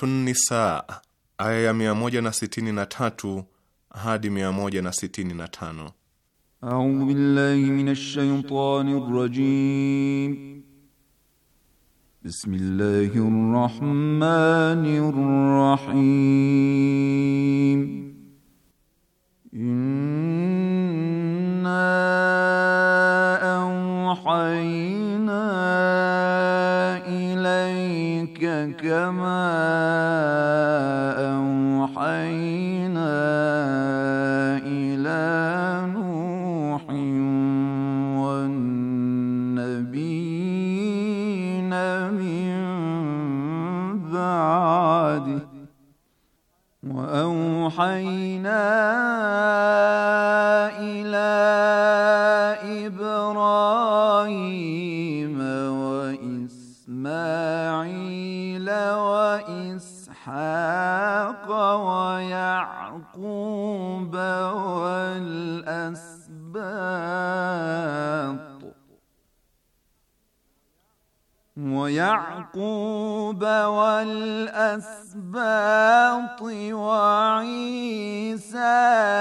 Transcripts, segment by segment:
Suratun Nisa aya ya tatu hadi 165. A'udhu billahi minash shaitanir rajim. Bismillahir rahmanir rahim نبيين من بعده وأوحينا يعقوب والاسباط وعيسى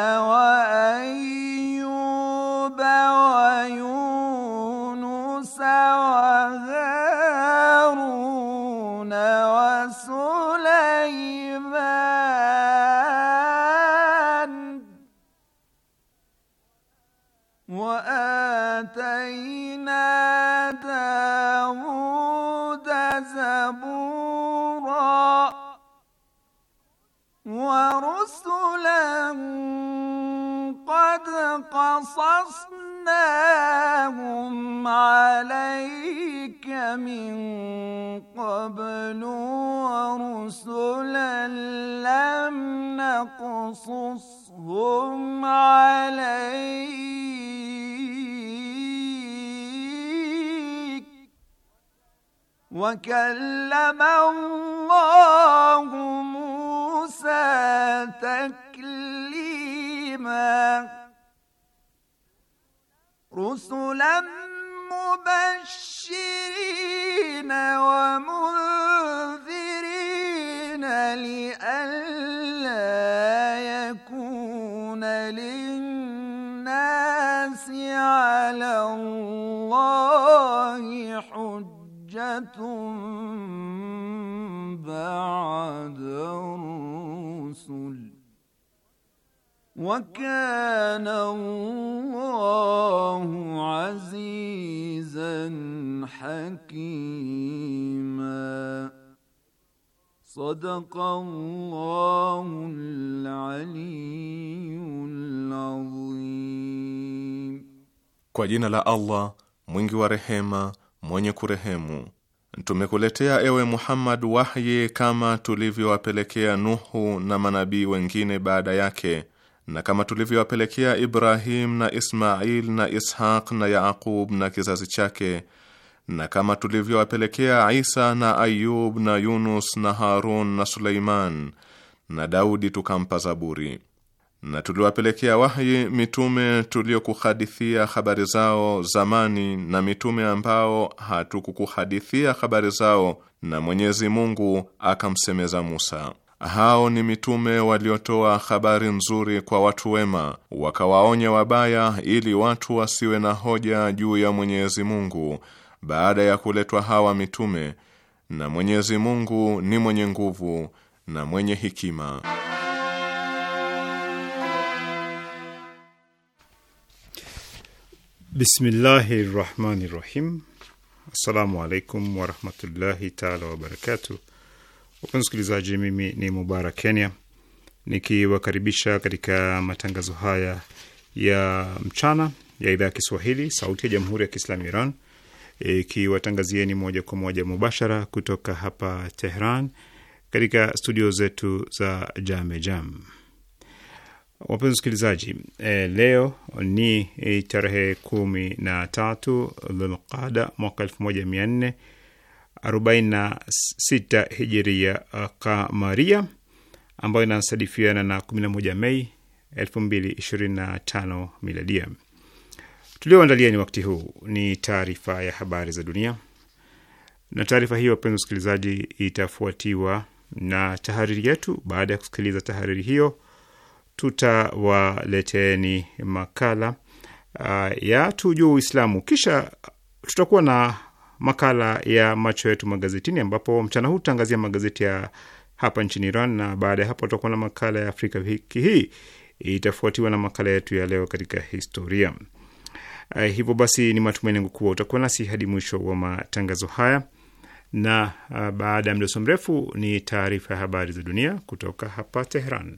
قصصناهم عليك من قبل ورسلا لم نقصصهم عليك وكلم الله موسى تكليما رسلا مبشرين ومنذرين لئلا يكون للناس على الله حجه وكان الله عزيزا حكيما صدق الله العلي العظيم Kwa jina la Allah mwingi wa rehema mwenye kurehemu Tumekuletea ewe Muhammad wahyi kama tulivyowapelekea Nuhu na manabii wengine baada yake na kama tulivyowapelekea Ibrahim na Ismail na Ishaq na Yaqub na kizazi chake, na kama tulivyowapelekea Isa na Ayub na Yunus na Harun na Suleiman na Daudi tukampa Zaburi, na tuliwapelekea wahyi mitume tuliokuhadithia habari zao zamani na mitume ambao hatukukuhadithia habari zao, na Mwenyezi Mungu akamsemeza Musa. Hao ni mitume waliotoa habari nzuri kwa watu wema, wakawaonya wabaya, ili watu wasiwe na hoja juu ya Mwenyezi Mungu baada ya kuletwa hawa mitume, na Mwenyezi Mungu ni mwenye nguvu na mwenye hikima. Bismillahi rahmani rahim. Assalamu alaikum warahmatullahi taala wabarakatuh. Wapenzi msikilizaji, mimi ni Mubarak Kenya nikiwakaribisha katika matangazo haya ya mchana ya idhaa ya Kiswahili sauti ya jamhuri ya Kiislamu Iran ikiwatangazieni e, moja kwa moja mubashara kutoka hapa Tehran katika studio zetu za Jame Jam. Wapenzi msikilizaji, e, leo ni tarehe kumi na tatu Dhulqada mwaka elfu moja mia nne 46 hijiria uh, kamaria ambayo inasadifiana na 11 Mei 2025 miladia. Tulioandalia ni wakati huu ni taarifa ya habari za dunia, na taarifa hiyo, wapenzi wasikilizaji, itafuatiwa na tahariri yetu. Baada ya kusikiliza tahariri hiyo, tutawaleteni makala uh, ya tujue Uislamu, kisha tutakuwa na makala ya macho yetu magazetini, ambapo mchana huu tutaangazia magazeti ya hapa nchini Iran, na baada ya hapo tutakuwa na makala ya Afrika wiki hii, itafuatiwa na makala yetu ya leo katika historia. Uh, hivyo basi ni matumaini yangu kuwa utakuwa nasi hadi mwisho wa matangazo haya, na uh, baada ya mdoso mrefu ni taarifa ya habari za dunia kutoka hapa Tehran.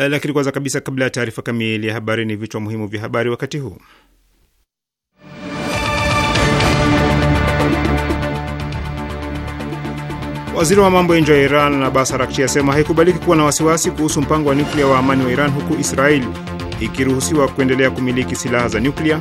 Eh, lakini kwanza kabisa, kabla ya taarifa kamili ya habari, ni vichwa muhimu vya habari wakati huu. Waziri wa mambo ya nje wa Iran Abbas Araghchi asema haikubaliki kuwa na wasiwasi kuhusu mpango wa nyuklia wa amani wa Iran, huku Israeli ikiruhusiwa kuendelea kumiliki silaha za nyuklia.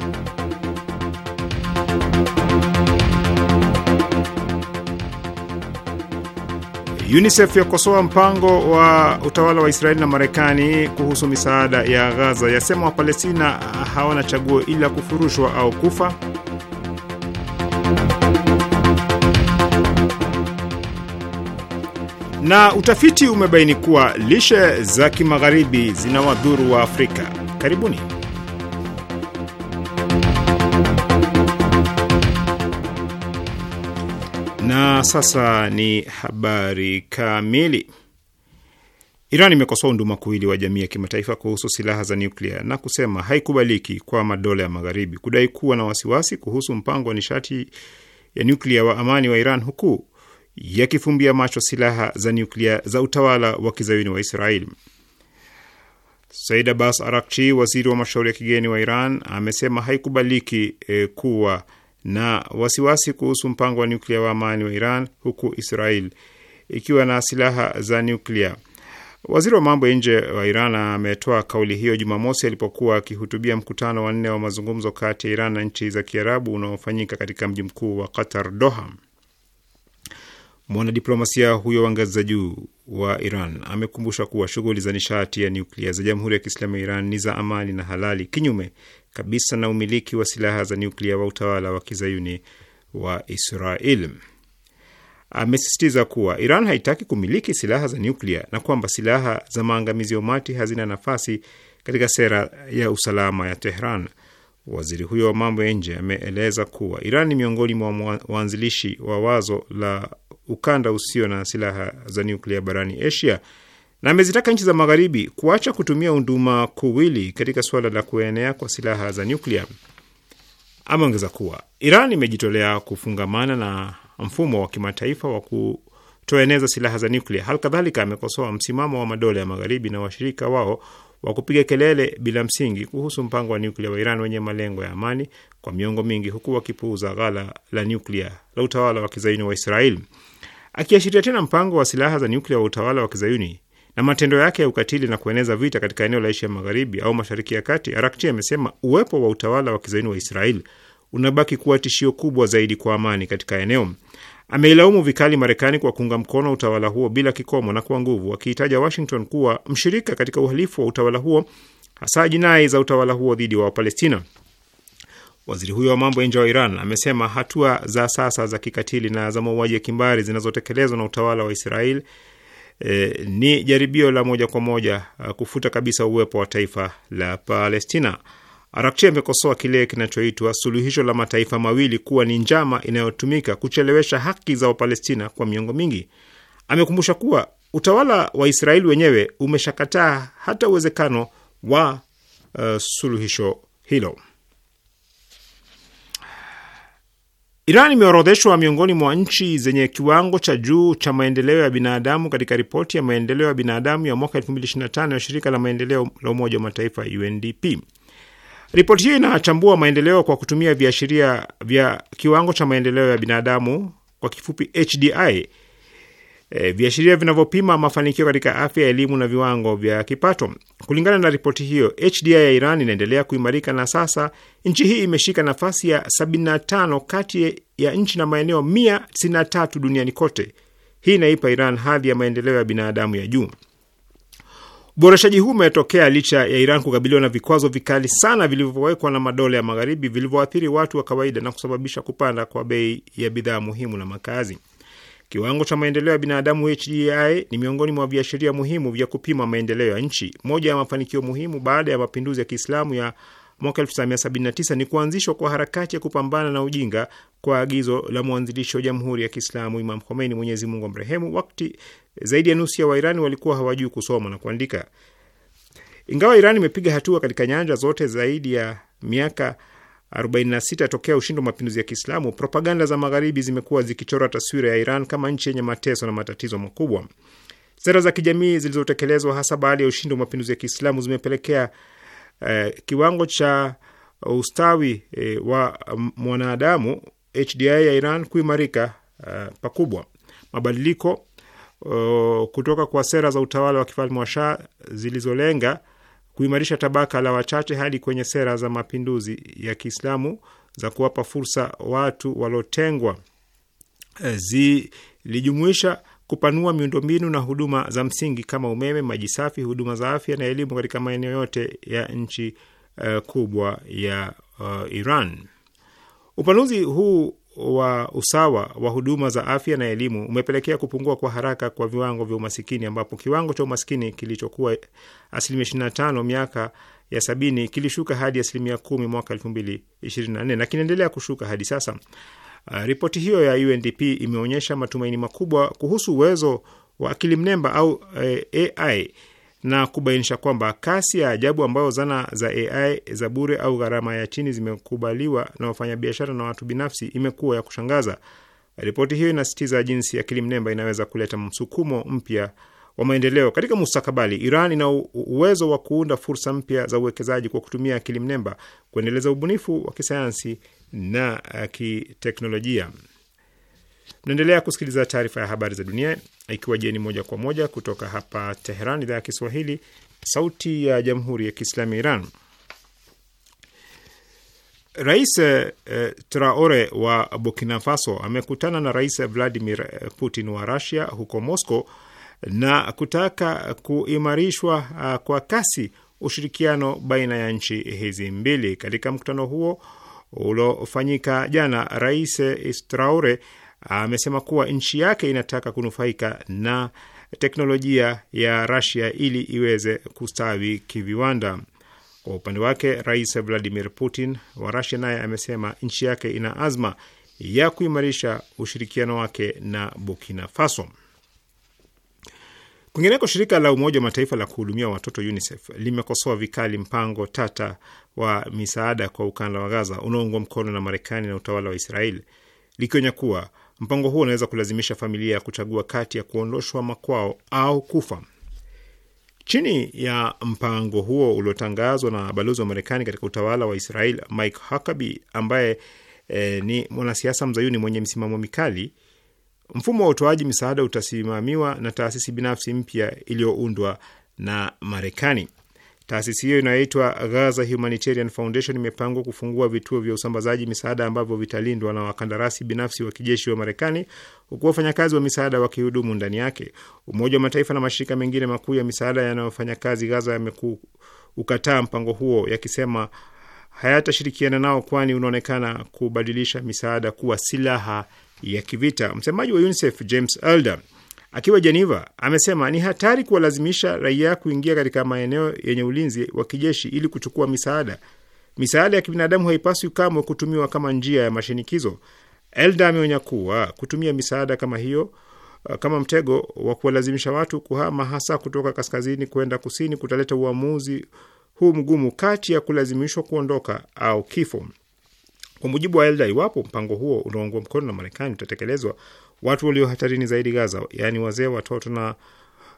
UNICEF yakosoa mpango wa utawala wa Israeli na Marekani kuhusu misaada ya Gaza, yasema Wapalestina hawana chaguo ila kufurushwa au kufa. Na utafiti umebaini kuwa lishe za kimagharibi zina wadhuru wa Afrika. Karibuni. Na sasa ni habari kamili. Iran imekosoa kuwili wa jamii ya kimataifa kuhusu silaha za nyuklia na kusema haikubaliki kwa madola ya magharibi kudai kuwa na wasiwasi kuhusu mpango wa nishati ya nyuklia wa amani wa Iran huku yakifumbia macho silaha za nyuklia za utawala wa kizayuni wa israel Said Abbas Arakchi, waziri wa mashauri ya kigeni wa Iran, amesema haikubaliki eh, kuwa na wasiwasi kuhusu mpango wa nyuklia wa amani wa Iran, huku Israel ikiwa na silaha za nyuklia. Waziri wa mambo ya nje wa Iran ametoa kauli hiyo Jumamosi alipokuwa akihutubia mkutano wa nne wa mazungumzo kati ya Iran na nchi za Kiarabu unaofanyika katika mji mkuu wa Qatar, Doha. Mwanadiplomasia huyo wa ngazi za juu wa Iran amekumbusha kuwa shughuli za nishati ya nyuklia za Jamhuri ya Kiislamu ya Iran ni za amani na halali, kinyume kabisa na umiliki wa silaha za nyuklia wa utawala wa kizayuni wa Israel. Amesisitiza kuwa Iran haitaki kumiliki silaha za nyuklia na kwamba silaha za maangamizi ya umati hazina nafasi katika sera ya usalama ya Tehran. Waziri huyo wa mambo ya nje ameeleza kuwa Iran ni miongoni mwa waanzilishi wa wazo la ukanda usio na silaha za nyuklia barani Asia na amezitaka nchi za magharibi kuacha kutumia unduma kuwili katika suala la kuenea kwa silaha za nyuklia. Ameongeza kuwa Iran imejitolea kufungamana na mfumo wa kimataifa wa kutoeneza silaha za nyuklia. Hali kadhalika amekosoa msimamo wa madola ya magharibi na washirika wao wa kupiga kelele bila msingi kuhusu mpango wa nyuklia wa Iran wenye malengo ya amani kwa miongo mingi, huku wakipuuza ghala la nyuklia la utawala wa kizayuni wa Israel, Akiashiria tena mpango wa silaha za nyuklia wa utawala wa kizayuni na matendo yake ya ukatili na kueneza vita katika eneo la Asia Magharibi au Mashariki ya Kati, Arakchi amesema uwepo wa utawala wa kizaini wa Israel unabaki kuwa tishio kubwa zaidi kwa amani katika eneo. Ameilaumu vikali Marekani kwa kuunga mkono utawala huo bila kikomo na kwa nguvu, akiitaja Washington kuwa mshirika katika uhalifu wa utawala huo, hasa jinai za utawala huo dhidi wa Wapalestina. Waziri huyo wa mambo ya nje wa Iran amesema hatua za sasa za kikatili na za mauaji ya kimbari zinazotekelezwa na utawala wa Israel e, ni jaribio la moja kwa moja e, kufuta kabisa uwepo wa taifa la Palestina. Arakchi amekosoa kile kinachoitwa suluhisho la mataifa mawili kuwa ni njama inayotumika kuchelewesha haki za Wapalestina kwa miongo mingi. Amekumbusha kuwa utawala wa Israeli wenyewe umeshakataa hata uwezekano wa uh, suluhisho hilo. Iran imeorodheshwa miongoni mwa nchi zenye kiwango cha juu cha maendeleo ya binadamu katika ripoti ya maendeleo ya binadamu ya mwaka 2025 ya shirika la maendeleo la Umoja wa Mataifa UNDP. Ripoti hiyo inachambua maendeleo kwa kutumia viashiria vya kiwango cha maendeleo ya binadamu, kwa kifupi HDI, E, viashiria vinavyopima mafanikio katika afya, elimu na viwango vya kipato. Kulingana na ripoti hiyo, HDI ya Iran inaendelea kuimarika na sasa nchi hii imeshika nafasi ya 75 kati ya nchi na maeneo 193 duniani kote. Hii inaipa Iran hadhi ya maendeleo ya binadamu ya juu. Uboreshaji huu umetokea licha ya Iran kukabiliwa na vikwazo vikali sana vilivyowekwa na madola ya Magharibi vilivyoathiri watu wa kawaida na kusababisha kupanda kwa bei ya bidhaa muhimu na makazi. Kiwango cha maendeleo ya binadamu HDI ni miongoni mwa viashiria muhimu vya kupima maendeleo ya nchi. Moja ya mafanikio muhimu baada ya mapinduzi ya Kiislamu ya mwaka 1979 ni kuanzishwa kwa harakati ya kupambana na ujinga kwa agizo la mwanzilishi wa Jamhuri ya Kiislamu Imam Khomeini, Mwenyezi Mungu amrehemu. Wakati zaidi ya nusu ya Wairani walikuwa hawajui kusoma na kuandika. Ingawa Iran imepiga hatua katika nyanja zote zaidi ya miaka 46 tokea ushindi wa mapinduzi ya Kiislamu, propaganda za magharibi zimekuwa zikichora taswira ya Iran kama nchi yenye mateso na matatizo makubwa. Sera za kijamii zilizotekelezwa hasa baada ya ushindi wa mapinduzi ya Kiislamu zimepelekea eh, kiwango cha ustawi eh, wa mwanadamu HDI ya Iran kuimarika eh, pakubwa. Mabadiliko uh, kutoka kwa sera za utawala wa kifalme wa Shah zilizolenga kuimarisha tabaka la wachache hadi kwenye sera za mapinduzi ya Kiislamu za kuwapa fursa watu waliotengwa eh, zilijumuisha kupanua miundombinu na huduma za msingi kama umeme, maji safi, huduma za afya na elimu katika maeneo yote ya nchi uh, kubwa ya uh, Iran. Upanuzi huu wa usawa wa huduma za afya na elimu umepelekea kupungua kwa haraka kwa viwango vya umasikini, ambapo kiwango cha umasikini kilichokuwa asilimia 25 miaka ya sabini kilishuka hadi asilimia kumi mwaka ishirini na kinaendelea kushuka hadi sasa. Uh, ripoti hiyo ya UNDP imeonyesha matumaini makubwa kuhusu uwezo wa akili mnemba au uh, eh, AI na kubainisha kwamba kasi ya ajabu ambayo zana za AI za bure au gharama ya chini zimekubaliwa na wafanyabiashara na watu binafsi imekuwa ya kushangaza. Ripoti hiyo inasisitiza jinsi akili mnemba inaweza kuleta msukumo mpya wa maendeleo katika mustakabali. Iran ina uwezo wa kuunda fursa mpya za uwekezaji kwa kutumia akili mnemba, kuendeleza ubunifu wa kisayansi na eh, kiteknolojia. Mnaendelea kusikiliza taarifa ya habari za dunia ikiwa jeni moja kwa moja kutoka hapa Teheran, idhaa ya Kiswahili, sauti ya jamhuri ya kiislamu ya Iran. Rais eh, Traore wa Burkina Faso amekutana na Rais Vladimir Putin wa rasia huko Moscow na kutaka kuimarishwa uh, kwa kasi ushirikiano baina ya nchi hizi mbili. Katika mkutano huo uliofanyika jana, Rais Traore amesema kuwa nchi yake inataka kunufaika na teknolojia ya Russia ili iweze kustawi kiviwanda. Kwa upande wake, Rais Vladimir Putin wa Russia naye amesema nchi yake ina azma ya kuimarisha ushirikiano wake na Burkina Faso. Kwingineko, shirika la Umoja wa Mataifa la kuhudumia watoto UNICEF limekosoa vikali mpango tata wa misaada kwa ukanda wa Gaza unaoungwa mkono na Marekani na utawala wa Israeli likionya kuwa Mpango huo unaweza kulazimisha familia ya kuchagua kati ya kuondoshwa makwao au kufa. Chini ya mpango huo uliotangazwa na balozi wa Marekani katika utawala wa Israel Mike Huckabee, ambaye e, ni mwanasiasa mzayuni mwenye msimamo mikali, mfumo wa utoaji misaada utasimamiwa na taasisi binafsi mpya iliyoundwa na Marekani. Taasisi hiyo inayoitwa Gaza Humanitarian Foundation imepangwa kufungua vituo vya usambazaji misaada ambavyo vitalindwa na wakandarasi binafsi wa kijeshi wa Marekani, huku wafanyakazi wa misaada wakihudumu ndani yake. Umoja wa Mataifa na mashirika mengine makuu ya misaada yanayofanya kazi Gaza yameukataa mpango huo, yakisema hayatashirikiana nao, kwani unaonekana kubadilisha misaada kuwa silaha ya kivita. Msemaji wa UNICEF James Elder akiwa Jeneva amesema ni hatari kuwalazimisha raia kuingia katika maeneo yenye ulinzi wa kijeshi ili kuchukua misaada. Misaada ya kibinadamu haipaswi kamwe kutumiwa kama njia ya mashinikizo. Elda ameonya kuwa kutumia misaada kama hiyo uh, kama mtego wa kuwalazimisha watu kuhama hasa kutoka kaskazini kwenda kusini kutaleta uamuzi huu mgumu kati ya kulazimishwa kuondoka au kifo. Kwa mujibu wa Elda, iwapo mpango huo unaoungwa mkono na Marekani utatekelezwa, Watu walio hatarini zaidi Gaza, yaani wazee, watoto na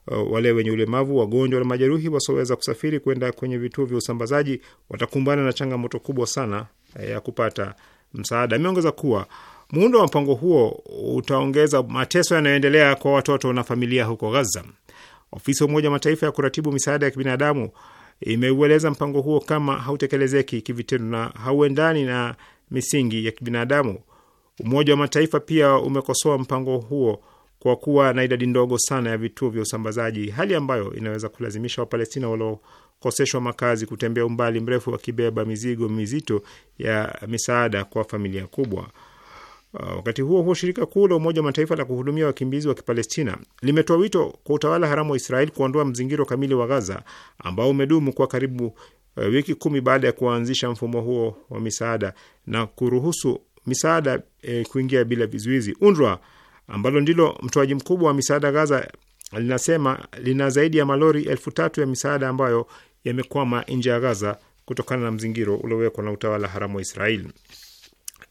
uh, wale wenye ulemavu, wagonjwa na majeruhi wasioweza kusafiri kwenda kwenye vituo vya usambazaji, watakumbana na changamoto kubwa sana eh, ya kupata msaada. Ameongeza kuwa muundo wa mpango huo utaongeza mateso yanayoendelea kwa watoto na familia huko Gaza. Ofisi ya Umoja wa Mataifa ya kuratibu misaada ya kibinadamu imeueleza mpango huo kama hautekelezeki kivitendo na hauendani na misingi ya kibinadamu. Umoja wa Mataifa pia umekosoa mpango huo kwa kuwa na idadi ndogo sana ya vituo vya usambazaji, hali ambayo inaweza kulazimisha Wapalestina waliokoseshwa makazi kutembea umbali mrefu wakibeba mizigo mizito ya misaada kwa familia kubwa. Uh, wakati huo huo, shirika kuu la Umoja wa Mataifa la kuhudumia wakimbizi wa Kipalestina limetoa wito kwa utawala haramu wa Israeli kuondoa mzingiro kamili wa Gaza ambao umedumu kwa karibu uh, wiki kumi baada ya kuanzisha mfumo huo wa misaada na kuruhusu misaada e, kuingia bila vizuizi. UNRWA ambalo ndilo mtoaji mkubwa wa misaada Gaza linasema lina zaidi ya malori elfu tatu ya misaada ambayo yamekwama nje ya Gaza kutokana na mzingiro uliowekwa na utawala haramu wa Israeli.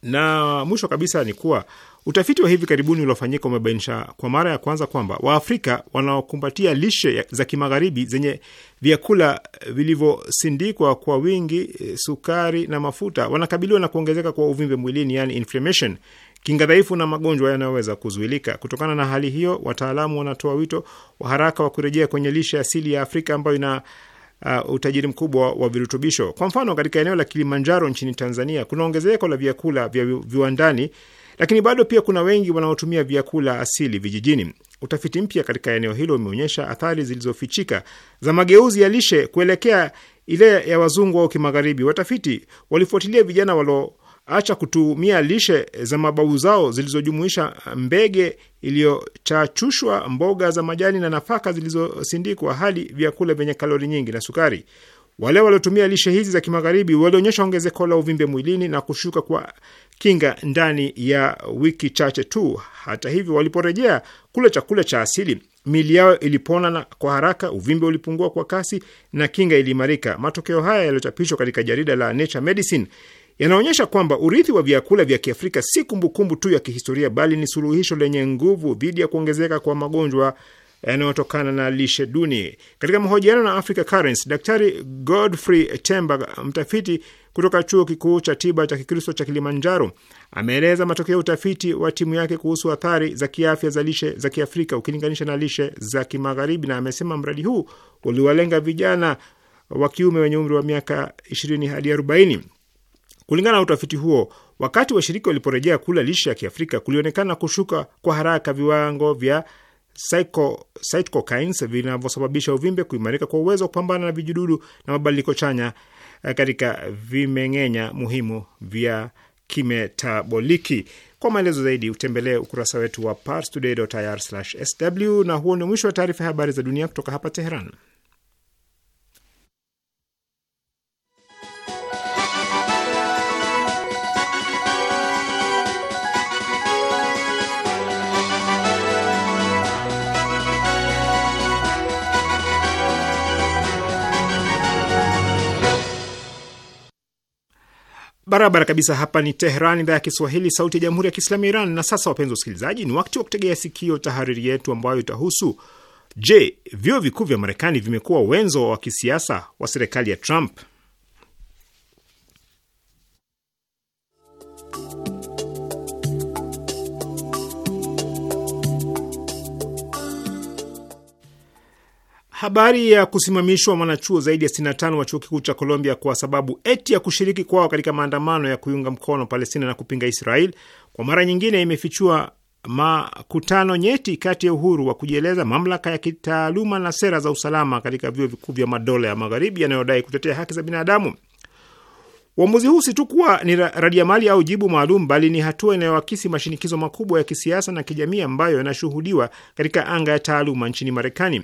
Na mwisho kabisa ni kuwa Utafiti wa hivi karibuni uliofanyika umebainisha kwa mara ya kwanza kwamba Waafrika wanaokumbatia lishe za kimagharibi zenye vyakula vilivyosindikwa kwa wingi, eh, sukari na mafuta, wanakabiliwa na kuongezeka kwa uvimbe mwilini, yani inflammation, kinga dhaifu na magonjwa yanayoweza kuzuilika. Kutokana na hali hiyo, wataalamu wanatoa wito wa haraka wa kurejea kwenye lishe asili ya Afrika ambayo ina Uh, utajiri mkubwa wa virutubisho. Kwa mfano, katika eneo la Kilimanjaro nchini Tanzania kuna ongezeko la vyakula vya viwandani lakini bado pia kuna wengi wanaotumia vyakula asili vijijini. Utafiti mpya katika eneo hilo umeonyesha athari zilizofichika za mageuzi ya lishe kuelekea ile ya wazungu au kimagharibi. Watafiti walifuatilia vijana walioacha kutumia lishe za mababu zao zilizojumuisha mbege iliyochachushwa, mboga za majani na nafaka zilizosindikwa, hadi vyakula vyenye kalori nyingi na sukari. Wale waliotumia lishe hizi za kimagharibi walionyesha ongezeko la uvimbe mwilini na kushuka kwa kinga ndani ya wiki chache tu. Hata hivyo, waliporejea kula chakula cha asili, mili yao ilipona na kwa haraka, uvimbe ulipungua kwa kasi na kinga iliimarika. Matokeo haya yaliyochapishwa katika jarida la Nature Medicine yanaonyesha kwamba urithi wa vyakula vya Kiafrika si kumbukumbu tu ya kihistoria, bali ni suluhisho lenye nguvu dhidi ya kuongezeka kwa magonjwa yanayotokana na lishe duni. Katika mahojiano na Africa Currents, Daktari Godfrey Temba, mtafiti kutoka chuo kikuu cha tiba cha Kikristo cha Kilimanjaro, ameeleza matokeo ya utafiti wa timu yake kuhusu athari za kiafya za lishe za Kiafrika ukilinganisha na lishe za Kimagharibi, na amesema mradi huu uliwalenga vijana wa kiume wenye umri wa miaka 20 hadi 40. Kulingana na utafiti huo, wakati washiriki waliporejea kula lishe ya Kiafrika, kulionekana kushuka kwa haraka viwango vya cytokines vinavyosababisha uvimbe, kuimarika kwa uwezo wa kupambana na vijidudu na mabadiliko chanya eh, katika vimeng'enya muhimu vya kimetaboliki. Kwa maelezo zaidi utembelee ukurasa wetu wa parstoday.ir/sw. Na huo ni mwisho wa taarifa ya habari za dunia kutoka hapa Teheran. barabara kabisa. Hapa ni teheran idhaa ya Kiswahili, sauti ya jamhuri ya kiislamu ya Iran. Na sasa, wapenzi wasikilizaji, ni wakati wa kutegea sikio tahariri yetu ambayo itahusu je, vyuo vikuu vya Marekani vimekuwa wenzo wa kisiasa wa serikali ya Trump? Habari ya kusimamishwa mwanachuo zaidi ya 65 wa chuo kikuu cha Colombia kwa sababu eti ya kushiriki kwao katika maandamano ya kuiunga mkono Palestina na kupinga Israel kwa mara nyingine imefichua makutano nyeti kati ya uhuru wa kujieleza, mamlaka ya kitaaluma na sera za usalama katika vyuo vikuu vya madola ya magharibi yanayodai kutetea haki za binadamu. Uamuzi huu si tu kuwa ni radiamali au jibu maalum, bali ni hatua inayoakisi mashinikizo makubwa ya kisiasa na kijamii ambayo yanashuhudiwa katika anga ya taaluma nchini Marekani.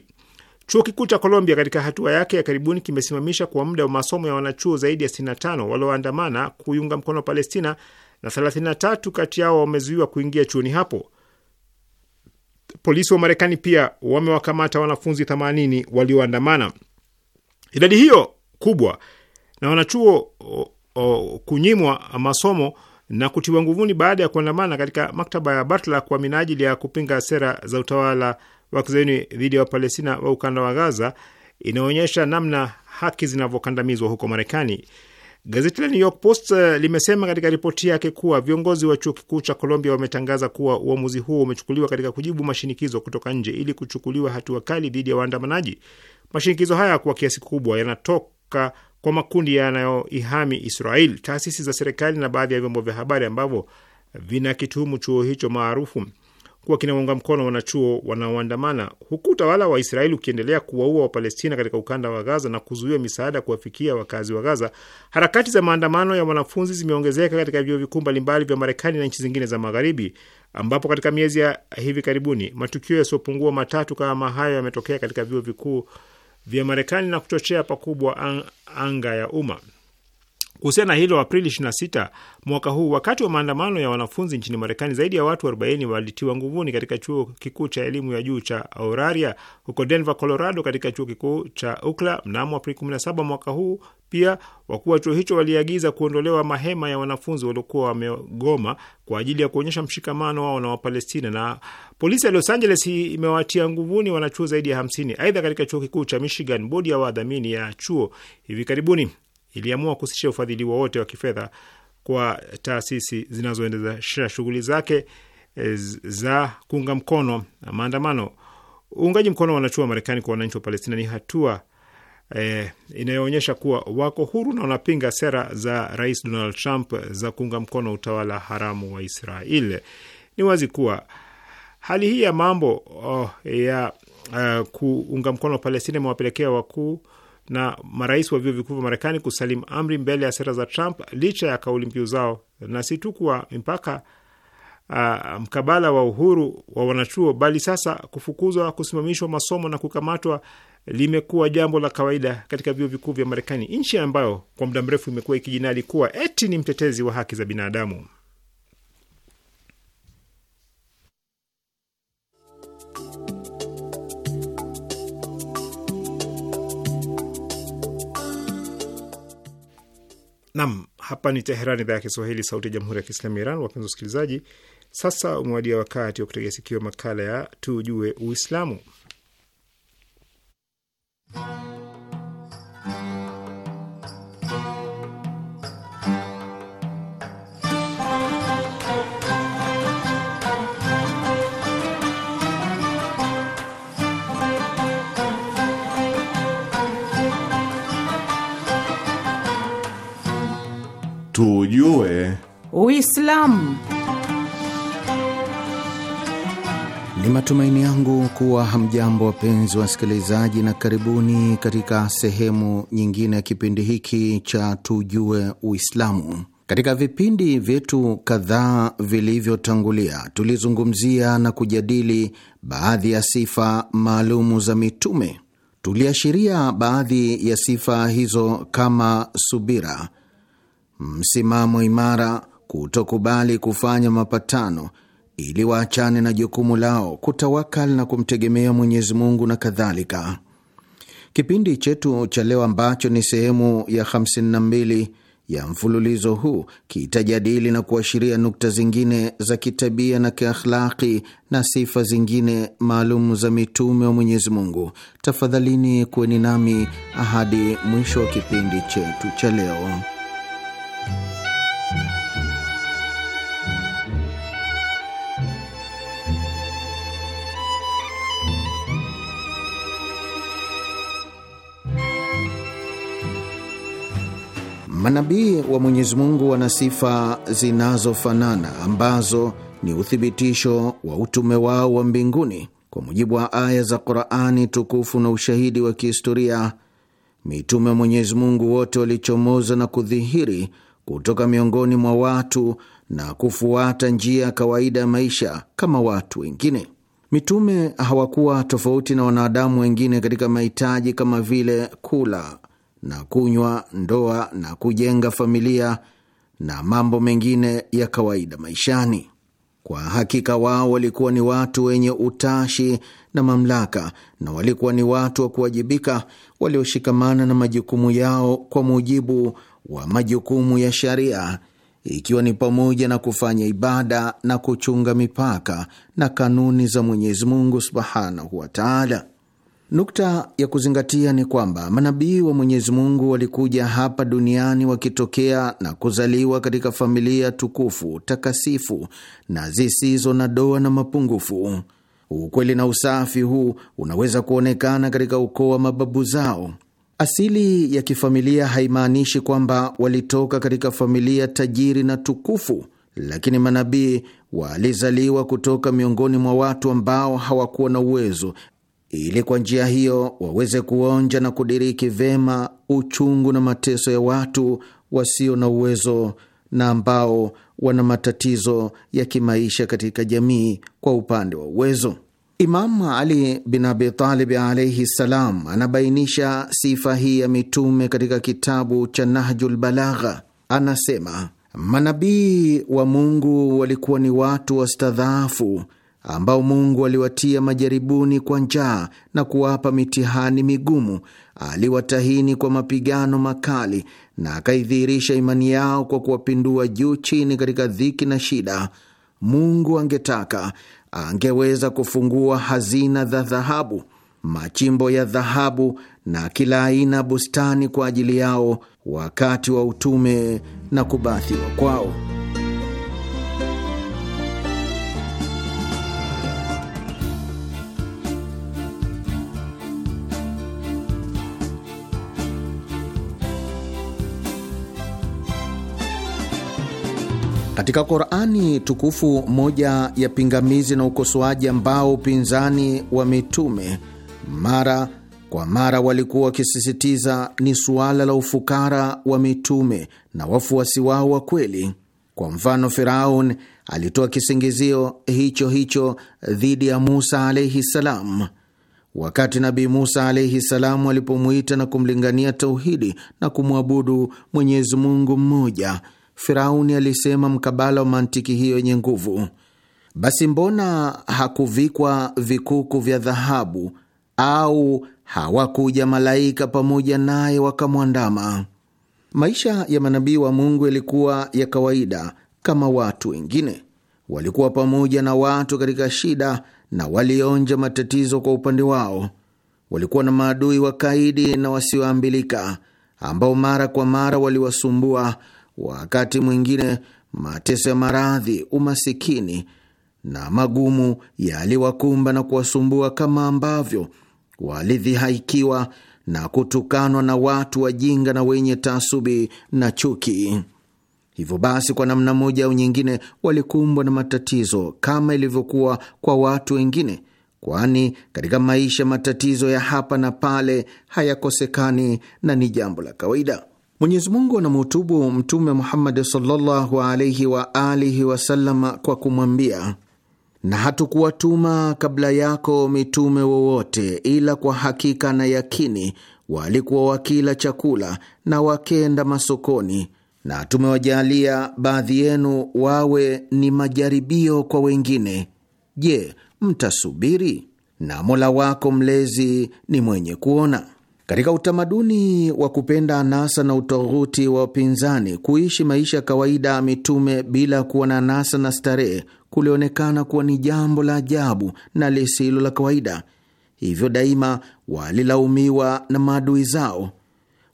Chuo kikuu cha Colombia katika hatua yake ya karibuni kimesimamisha kwa muda wa masomo ya wanachuo zaidi ya 65 walioandamana kuiunga mkono Palestina na 33 kati yao wamezuiwa kuingia chuoni hapo. Polisi wa Marekani pia wamewakamata wanafunzi 80 walioandamana. Idadi hiyo kubwa na wanachuo o, o, kunyimwa masomo na kutiwa nguvuni baada ya kuandamana katika maktaba ya Bartla kwa minajili ya kupinga sera za utawala wa kizayuni dhidi ya Wapalestina wa ukanda wa Gaza inaonyesha namna haki zinavyokandamizwa huko Marekani. Gazeti la New York Post eh, limesema katika ripoti yake kuwa viongozi wa chuo kikuu cha Colombia wametangaza kuwa uamuzi huo umechukuliwa katika kujibu mashinikizo kutoka nje ili kuchukuliwa hatua kali dhidi ya waandamanaji. Mashinikizo haya kwa kiasi kubwa yanatoka kwa makundi yanayoihami Israel, taasisi za serikali na baadhi ya vyombo vya habari ambavyo vinakituhumu chuo hicho maarufu kuwa kinaunga mkono wanachuo wanaoandamana, huku utawala wa Israeli ukiendelea kuwaua Wapalestina katika ukanda wa Gaza na kuzuia misaada kuwafikia wakazi wa Gaza. Harakati za maandamano ya wanafunzi zimeongezeka katika vyuo vikuu mbalimbali vya Marekani na nchi zingine za Magharibi, ambapo katika miezi ya hivi karibuni matukio yasiyopungua matatu kama hayo yametokea katika vyuo vikuu vya Marekani na kuchochea pakubwa anga ya umma. Kuhusiana na hilo, Aprili 26 mwaka huu, wakati wa maandamano ya wanafunzi nchini Marekani, zaidi ya watu 40 walitiwa nguvuni katika chuo kikuu cha elimu ya juu cha Auraria huko Denver, Colorado, katika chuo kikuu cha Ukla mnamo Aprili 17 mwaka huu. Pia wakuu wa chuo hicho waliagiza kuondolewa mahema ya wanafunzi waliokuwa wamegoma kwa ajili ya kuonyesha mshikamano wao na Wapalestina, na polisi ya Los Angeles imewatia nguvuni wanachuo zaidi ya 50. Aidha, katika chuo kikuu cha Michigan, bodi ya wadhamini ya chuo hivi karibuni iliamua kusitisha ufadhili wowote wa, kifedha kwa taasisi zinazoendesha shughuli zake eh, za kuunga mkono maandamano. Uungaji mkono wanachua wa Marekani kwa wananchi wa Palestina ni hatua eh, inayoonyesha kuwa wako huru na wanapinga sera za Rais Donald Trump za kuunga mkono utawala haramu wa Israel. Ni wazi kuwa hali hii ya mambo oh, ya uh, kuunga mkono wa Palestina imewapelekea wakuu na marais wa vyuo vikuu vya Marekani kusalimu amri mbele ya sera za Trump licha ya kauli mbiu zao, na si tu kuwa mpaka uh, mkabala wa uhuru wa wanachuo, bali sasa kufukuzwa, kusimamishwa masomo na kukamatwa limekuwa jambo la kawaida katika vyuo vikuu vya Marekani, nchi ambayo kwa muda mrefu imekuwa ikijinadi kuwa eti ni mtetezi wa haki za binadamu. Nam, hapa ni Teheran, idhaa ya Kiswahili, sauti ya jamhuri ya kiislamu ya Iran. Wapenzi wasikilizaji, sasa umewadia wakati wa kutegea sikio makala ya tujue Uislamu. Tujue Uislamu. Ni matumaini yangu kuwa hamjambo wapenzi wasikilizaji, na karibuni katika sehemu nyingine ya kipindi hiki cha Tujue Uislamu. Katika vipindi vyetu kadhaa vilivyotangulia, tulizungumzia na kujadili baadhi ya sifa maalumu za mitume. Tuliashiria baadhi ya sifa hizo kama subira msimamo imara, kutokubali kufanya mapatano ili waachane na jukumu lao, kutawakal na kumtegemea Mwenyezi Mungu na kadhalika. Kipindi chetu cha leo ambacho ni sehemu ya 52 ya mfululizo huu kitajadili na kuashiria nukta zingine za kitabia na kiakhlaki na sifa zingine maalum za mitume wa Mwenyezi Mungu. Tafadhalini kuweni nami hadi mwisho wa kipindi chetu cha leo. Manabii wa Mwenyezi Mungu wana sifa zinazofanana ambazo ni uthibitisho wa utume wao wa mbinguni. Kwa mujibu wa aya za Qur'ani tukufu na ushahidi wa kihistoria, mitume wa Mwenyezi Mungu wote walichomoza na kudhihiri kutoka miongoni mwa watu na kufuata njia ya kawaida ya maisha kama watu wengine. Mitume hawakuwa tofauti na wanadamu wengine katika mahitaji kama vile kula na kunywa, ndoa na kujenga familia na mambo mengine ya kawaida maishani. Kwa hakika wao walikuwa ni watu wenye utashi na mamlaka, na walikuwa ni watu wa kuwajibika walioshikamana na majukumu yao kwa mujibu wa majukumu ya sharia ikiwa ni pamoja na kufanya ibada na kuchunga mipaka na kanuni za Mwenyezi Mungu subhanahu wa taala. Nukta ya kuzingatia ni kwamba manabii wa Mwenyezi Mungu walikuja hapa duniani wakitokea na kuzaliwa katika familia tukufu, takasifu na zisizo na doa na mapungufu. Ukweli na usafi huu unaweza kuonekana katika ukoo wa mababu zao. Asili ya kifamilia haimaanishi kwamba walitoka katika familia tajiri na tukufu, lakini manabii walizaliwa kutoka miongoni mwa watu ambao hawakuwa na uwezo, ili kwa njia hiyo waweze kuonja na kudiriki vema uchungu na mateso ya watu wasio na uwezo na ambao wana matatizo ya kimaisha katika jamii kwa upande wa uwezo. Imam Ali bin Abi Talib alaihi ssalam anabainisha sifa hii ya mitume katika kitabu cha Nahjul Balagha. Anasema manabii wa Mungu walikuwa ni watu wastadhaafu ambao Mungu aliwatia majaribuni kwa njaa na kuwapa mitihani migumu. Aliwatahini kwa mapigano makali na akaidhihirisha imani yao kwa kuwapindua juu chini katika dhiki na shida. Mungu angetaka angeweza kufungua hazina za dhahabu, machimbo ya dhahabu na kila aina bustani kwa ajili yao wakati wa utume na kubathiwa kwao. Katika Korani tukufu, moja ya pingamizi na ukosoaji ambao upinzani wa mitume mara kwa mara walikuwa wakisisitiza ni suala la ufukara wa mitume na wafuasi wao wa kweli. Kwa mfano, Firaun alitoa kisingizio hicho hicho dhidi ya Musa alaihi salam, wakati Nabii Musa alaihi salam alipomuita na kumlingania tauhidi na kumwabudu Mwenyezi Mungu mmoja Firauni alisema mkabala wa mantiki hiyo yenye nguvu, basi mbona hakuvikwa vikuku vya dhahabu au hawakuja malaika pamoja naye wakamwandama? Maisha ya manabii wa Mungu yalikuwa ya kawaida kama watu wengine. Walikuwa pamoja na watu katika shida na walionja matatizo kwa upande wao. Walikuwa na maadui wakaidi na wasioambilika ambao mara kwa mara waliwasumbua wakati mwingine mateso ya maradhi, umasikini na magumu yaliwakumba na kuwasumbua, kama ambavyo walidhihaikiwa na kutukanwa na watu wajinga na wenye taasubi na chuki. Hivyo basi, kwa namna moja au nyingine walikumbwa na matatizo kama ilivyokuwa kwa watu wengine, kwani katika maisha matatizo ya hapa na pale hayakosekani na ni jambo la kawaida. Mwenyezi Mungu anamhutubu Mtume Muhammadi sallallahu alaihi wa alihi wasallam kwa kumwambia, na hatukuwatuma kabla yako mitume wowote ila kwa hakika na yakini walikuwa wakila chakula na wakenda masokoni, na tumewajalia baadhi yenu wawe ni majaribio kwa wengine. Je, mtasubiri? Na Mola wako mlezi ni mwenye kuona. Katika utamaduni wa kupenda anasa na utoghuti wa wapinzani, kuishi maisha ya kawaida ya mitume bila kuwa na anasa na starehe kulionekana kuwa ni jambo la ajabu na lisilo la kawaida. Hivyo daima walilaumiwa na maadui zao.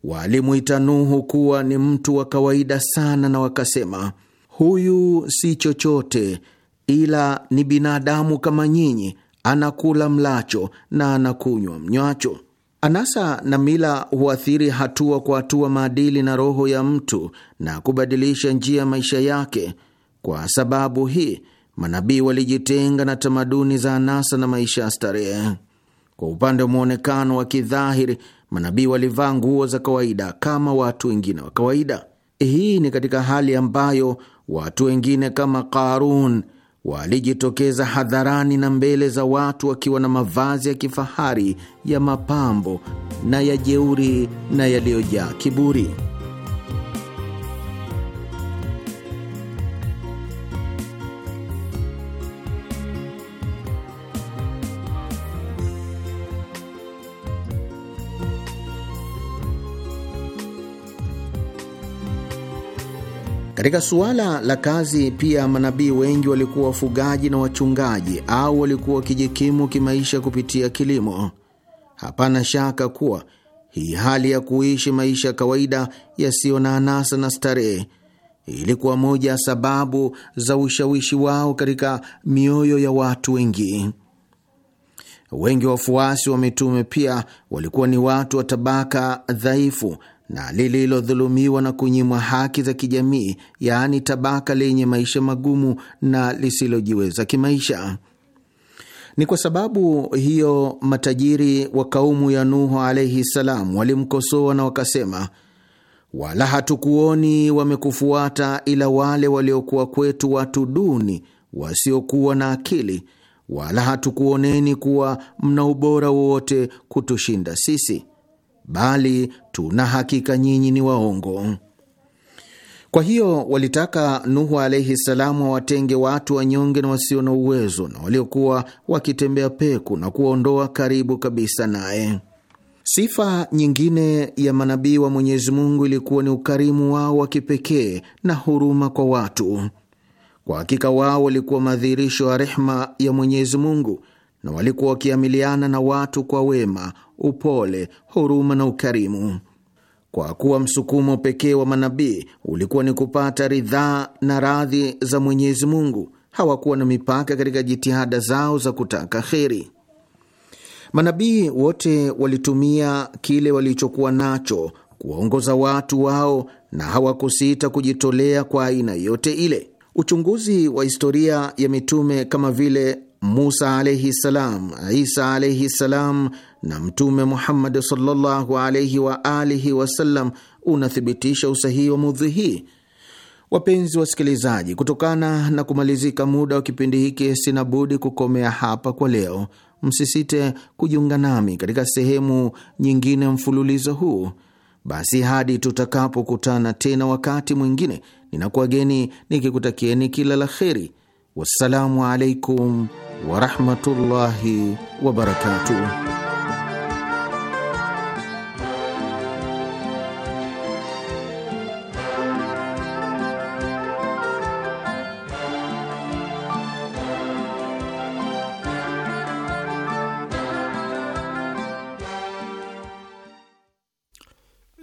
Walimwita Nuhu kuwa ni mtu wa kawaida sana, na wakasema, huyu si chochote ila ni binadamu kama nyinyi, anakula mlacho na anakunywa mnywacho. Anasa na mila huathiri hatua kwa hatua maadili na roho ya mtu na kubadilisha njia ya maisha yake. Kwa sababu hii, manabii walijitenga na tamaduni za anasa na maisha ya starehe. Kwa upande wa mwonekano wa kidhahiri, manabii walivaa nguo za kawaida kama watu wengine wa kawaida. Hii ni katika hali ambayo watu wengine kama Karun walijitokeza hadharani na mbele za watu wakiwa na mavazi ya kifahari ya mapambo na ya jeuri na yaliyojaa kiburi. Katika suala la kazi pia, manabii wengi walikuwa wafugaji na wachungaji au walikuwa wakijikimu kimaisha kupitia kilimo. Hapana shaka kuwa hii hali ya kuishi maisha ya kawaida yasiyo na anasa na starehe ilikuwa moja ya sababu za ushawishi wao katika mioyo ya watu wengi. Wengi wa wafuasi wa mitume pia walikuwa ni watu wa tabaka dhaifu na lililodhulumiwa na kunyimwa haki za kijamii, yaani tabaka lenye maisha magumu na lisilojiweza kimaisha. Ni kwa sababu hiyo matajiri wa kaumu ya Nuhu alaihi salam walimkosoa na wakasema, wala hatukuoni wamekufuata ila wale waliokuwa kwetu watu duni wasiokuwa na akili, wala hatukuoneni kuwa mna ubora wowote kutushinda sisi bali tuna hakika nyinyi ni waongo. Kwa hiyo walitaka Nuhu alaihi salamu wawatenge watu wanyonge na wasio na uwezo na waliokuwa wakitembea peku na kuwaondoa karibu kabisa naye. Sifa nyingine ya manabii wa Mwenyezi Mungu ilikuwa ni ukarimu wao wa kipekee na huruma kwa watu. Kwa hakika wao walikuwa madhihirisho ya rehma ya Mwenyezi Mungu na walikuwa wakiamiliana na watu kwa wema, upole, huruma na ukarimu. Kwa kuwa msukumo pekee wa manabii ulikuwa ni kupata ridhaa na radhi za Mwenyezi Mungu, hawakuwa na mipaka katika jitihada zao za kutaka kheri. Manabii wote walitumia kile walichokuwa nacho kuwaongoza watu wao na hawakusita kujitolea kwa aina yote ile. Uchunguzi wa historia ya mitume kama vile Musa alaihi salam, Isa alaihi salam na Mtume Muhammad sallallahu alaihi wa alihi wasallam unathibitisha usahihi wa mudhi hii. Wapenzi wasikilizaji, kutokana na kumalizika muda wa kipindi hiki, sina budi kukomea hapa kwa leo. Msisite kujiunga nami katika sehemu nyingine ya mfululizo huu. Basi hadi tutakapokutana tena wakati mwingine, ninakuwageni nikikutakieni kila la kheri. Wassalamu alaikum warahmatullahi wabarakatuh.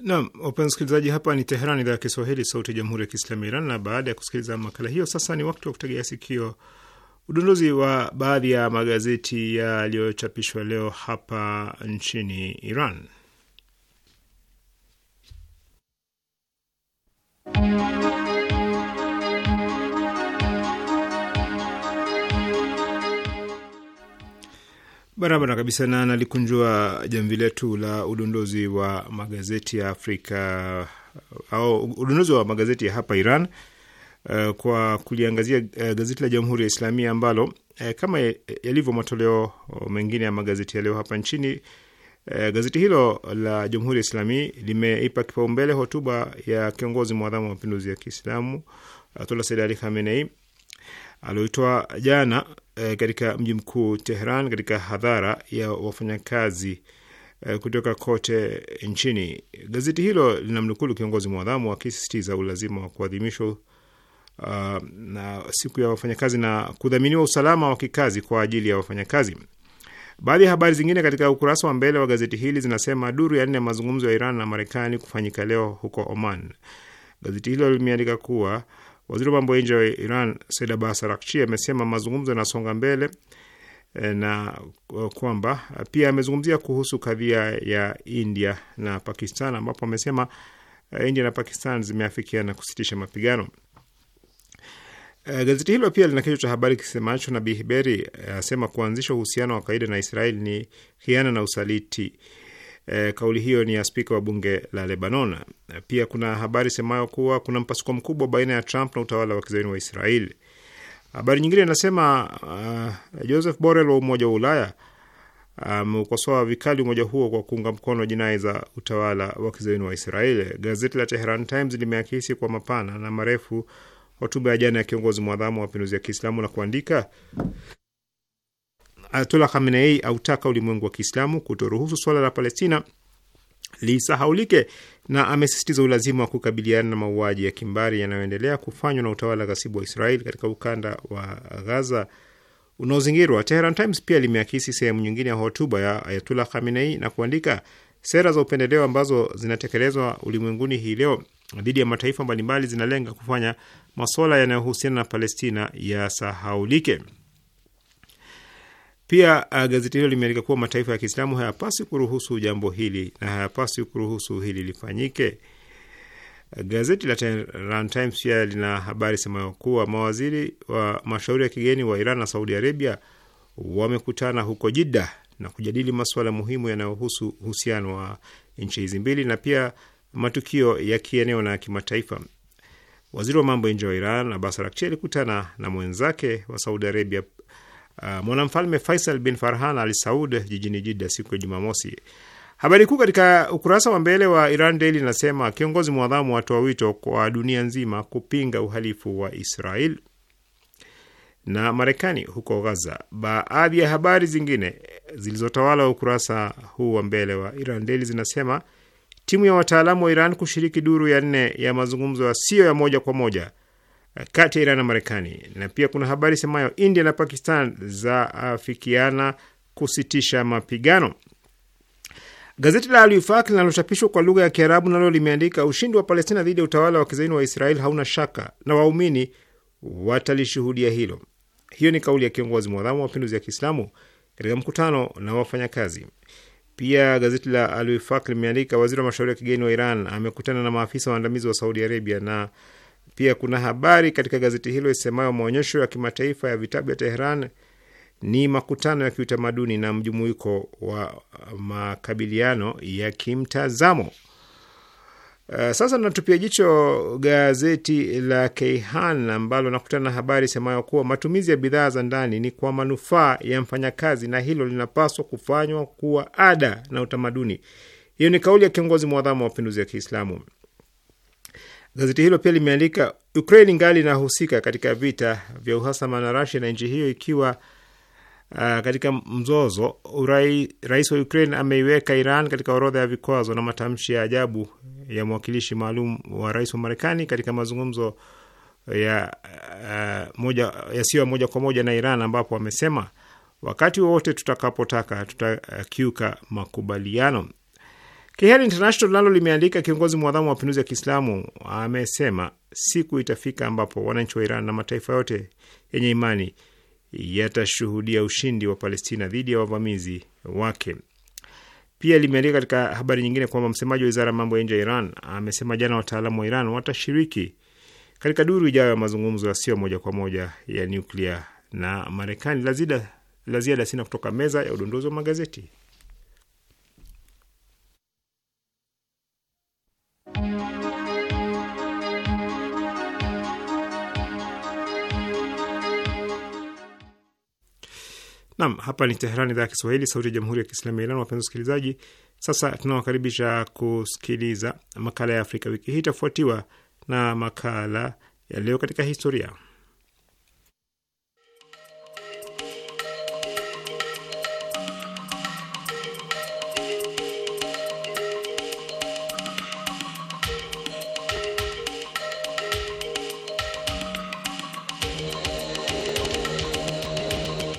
Nam, wapenzi msikilizaji, hapa ni Teheran, idhaa ya Kiswahili, sauti ya jamhuri ya kiislamu ya Iran. Na baada ya kusikiliza makala hiyo, sasa ni wakati wa kutegea sikio Udondozi wa baadhi ya magazeti yaliyochapishwa leo hapa nchini Iran. Barabara kabisa na nalikunjua jamvi letu la udondozi wa magazeti ya Afrika au udondozi wa magazeti ya hapa Iran Eh, kwa kuliangazia uh, gazeti la Jamhuri ya Islamia ambalo uh, kama yalivyo matoleo oh, mengine ya magazeti ya leo hapa nchini uh, gazeti hilo la Jamhuri ya Islamia limeipa kipaumbele hotuba ya kiongozi mwadhamu wa mapinduzi ya Kiislamu Ayatullah Sayyid Ali Khamenei aliyoitoa jana uh, katika mji mkuu Tehran katika hadhara ya wafanyakazi kutoka kote nchini. Gazeti hilo linamnukulu kiongozi mwadhamu akisisitiza ulazima wa kuadhimishwa uh, na siku ya wafanyakazi na kudhaminiwa usalama wa kikazi kwa ajili ya wafanyakazi. Baadhi ya habari zingine katika ukurasa wa mbele wa gazeti hili zinasema duru ya nne ya mazungumzo ya Iran na Marekani kufanyika leo huko Oman. Gazeti hilo limeandika kuwa waziri wa mambo ya nje wa Iran Said Abbas Araghchi amesema mazungumzo yanasonga mbele eh, na kwamba pia amezungumzia kuhusu kadhia ya India na Pakistan ambapo amesema eh, India na Pakistan zimeafikiana kusitisha mapigano. Uh, gazeti hilo pia lina kichwa cha habari kisemacho Nabii Hiberi eh, asema uh, kuanzisha uhusiano wa kawaida na Israeli ni hiana na usaliti. Uh, kauli hiyo ni ya spika wa bunge la Lebanon. Uh, pia kuna habari semayo kuwa kuna mpasuko mkubwa baina ya Trump na utawala wa kizayuni wa Israeli. Habari nyingine inasema uh, Joseph Borrell wa Umoja wa Ulaya ameukosoa um, vikali umoja huo kwa kuunga mkono jinai za utawala wa kizayuni wa Israeli. Gazeti la Tehran Times limeakisi kwa mapana na marefu hotuba ya jana ya kiongozi mwadhamu wa mapinduzi ya Kiislamu na kuandika, Ayatollah Khamenei autaka ulimwengu wa Kiislamu kutoruhusu swala la Palestina lisahaulike na amesisitiza ulazima wa kukabiliana na mauaji ya kimbari yanayoendelea kufanywa na utawala ghasibu wa Israeli katika ukanda wa Gaza unaozingirwa. Tehran Times pia limeakisi sehemu nyingine ya hotuba ya Ayatullah Khamenei na kuandika, Sera za upendeleo ambazo zinatekelezwa ulimwenguni hii leo dhidi ya mataifa mbalimbali zinalenga kufanya masuala yanayohusiana na Palestina yasahaulike. Pia uh, gazeti hilo limeandika kuwa mataifa ya Kiislamu hayapasi kuruhusu jambo hili na hayapasi kuruhusu hili lifanyike. Gazeti la Tehran Times pia lina habari semayo kuwa mawaziri wa mashauri ya kigeni wa Iran na Saudi Arabia wamekutana huko Jidda na kujadili masuala muhimu yanayohusu uhusiano wa nchi hizi mbili na pia matukio ya kieneo na kimataifa. Waziri wa mambo ya nje wa Iran Abbas Araghchi alikutana na mwenzake wa Saudi Arabia uh, mwanamfalme Faisal bin Farhan Al Saud jijini Jidda siku ya Jumamosi. Habari kuu katika ukurasa wa mbele wa Iran Daily inasema kiongozi mwadhamu watoa wito kwa dunia nzima kupinga uhalifu wa Israel na Marekani huko Gaza. Baadhi ya habari zingine zilizotawala ukurasa huu wa mbele wa Iran Daily zinasema timu ya wataalamu wa Iran kushiriki duru ya nne ya mazungumzo yasiyo ya moja kwa moja kati ya Iran na Marekani, na pia kuna habari semayo India na Pakistan zaafikiana kusitisha mapigano. Gazeti la al linalochapishwa kwa lugha ya Kiarabu nalo limeandika ushindi wa Palestina dhidi ya utawala wa kizaini wa Israel hauna shaka na waumini watalishuhudia hilo. Hiyo ni kauli ya kiongozi mwadhamu wa mapinduzi ya Kiislamu katika mkutano na wafanyakazi. Pia gazeti la Al-Wifaq limeandika waziri wa mashauri ya kigeni wa Iran amekutana na maafisa waandamizi wa Saudi Arabia, na pia kuna habari katika gazeti hilo isemayo maonyesho ya kimataifa ya vitabu ya Teheran ni makutano ya kiutamaduni na mjumuiko wa makabiliano ya kimtazamo. Eh, sasa natupia jicho gazeti la kehan ambalo nakutana na habari semayo kuwa matumizi ya bidhaa za ndani ni kwa manufaa ya mfanyakazi na hilo linapaswa kufanywa kuwa ada na utamaduni. Hiyo ni kauli ya kiongozi mwadhamu wa mapinduzi ya Kiislamu. Gazeti hilo pia limeandika Ukraine ngali inahusika katika vita vya uhasama na rasia na nchi hiyo ikiwa uh, katika mzozo urai, rais wa Ukraine ameiweka Iran katika orodha ya vikwazo na matamshi ya ajabu ya mwakilishi maalum wa rais wa Marekani katika mazungumzo ya uh, moja yasiyo ya moja kwa moja na Iran ambapo amesema wakati wowote tutakapotaka tutakiuka makubaliano. Kihel International nalo limeandika, kiongozi mwadhamu wa mapinduzi ya Kiislamu amesema siku itafika ambapo wananchi wa Iran na mataifa yote yenye imani yatashuhudia ushindi wa Palestina dhidi ya wavamizi wake. Pia limeandika katika habari nyingine kwamba msemaji wa wizara ya mambo ya nje ya Iran amesema jana wataalamu wa Iran watashiriki katika duru ijayo ya mazungumzo yasiyo moja kwa moja ya nuklia na Marekani. La ziada sina kutoka meza ya udondozi wa magazeti. Nam, hapa ni Teherani, idhaa ya Kiswahili, sauti ya jamhuri ya kiislamu ya Iran. Wapenzi wasikilizaji, sasa tunawakaribisha kusikiliza makala ya Afrika wiki hii, itafuatiwa na makala ya leo katika historia.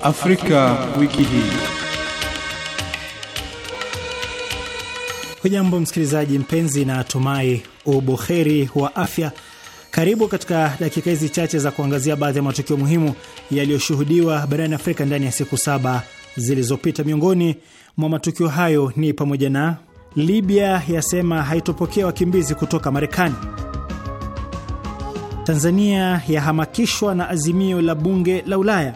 Afrika wiki hii. Hujambo msikilizaji mpenzi, na atumai ubuheri wa afya. Karibu katika dakika hizi chache za kuangazia baadhi ya matukio muhimu yaliyoshuhudiwa barani Afrika ndani ya siku saba zilizopita. Miongoni mwa matukio hayo ni pamoja na Libya yasema haitopokea wakimbizi kutoka Marekani. Tanzania yahamakishwa na azimio la bunge la Ulaya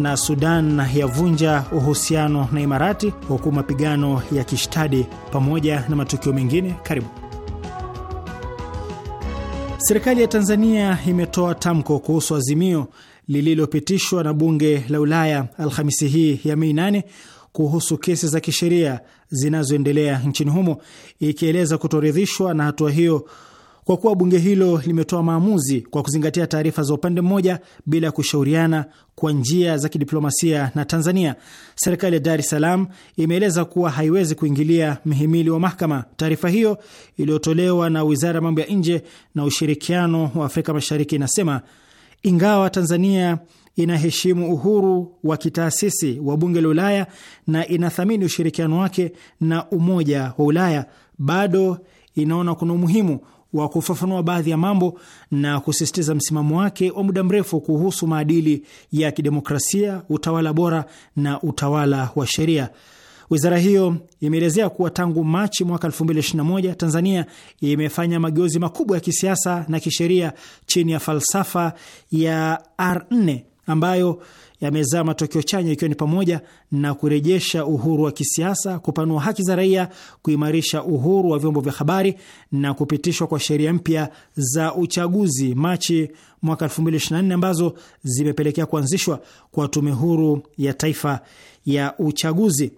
na Sudan yavunja uhusiano na Imarati, huku mapigano ya kishtadi pamoja na matukio mengine. Karibu. Serikali ya Tanzania imetoa tamko kuhusu azimio lililopitishwa na bunge la Ulaya Alhamisi hii ya Mei 8 kuhusu kesi za kisheria zinazoendelea nchini humo, ikieleza kutoridhishwa na hatua hiyo kwa kuwa bunge hilo limetoa maamuzi kwa kuzingatia taarifa za upande mmoja bila ya kushauriana kwa njia za kidiplomasia na Tanzania. Serikali ya Dar es Salaam imeeleza kuwa haiwezi kuingilia mhimili wa mahakama. Taarifa hiyo iliyotolewa na Wizara ya Mambo ya Nje na Ushirikiano wa Afrika Mashariki inasema ingawa Tanzania inaheshimu uhuru wa kitaasisi wa bunge la Ulaya na inathamini ushirikiano wake na Umoja wa Ulaya, bado inaona kuna umuhimu wa kufafanua baadhi ya mambo na kusisitiza msimamo wake wa muda mrefu kuhusu maadili ya kidemokrasia, utawala bora na utawala wa sheria. Wizara hiyo imeelezea kuwa tangu Machi mwaka 2021 Tanzania imefanya mageuzi makubwa ya kisiasa na kisheria chini ya falsafa ya R4 ambayo yamezaa matokeo chanya ikiwa ni pamoja na kurejesha uhuru wa kisiasa, kupanua haki za raia, kuimarisha uhuru wa vyombo vya habari na kupitishwa kwa sheria mpya za uchaguzi Machi mwaka 2024 ambazo zimepelekea kuanzishwa kwa tume huru ya taifa ya uchaguzi.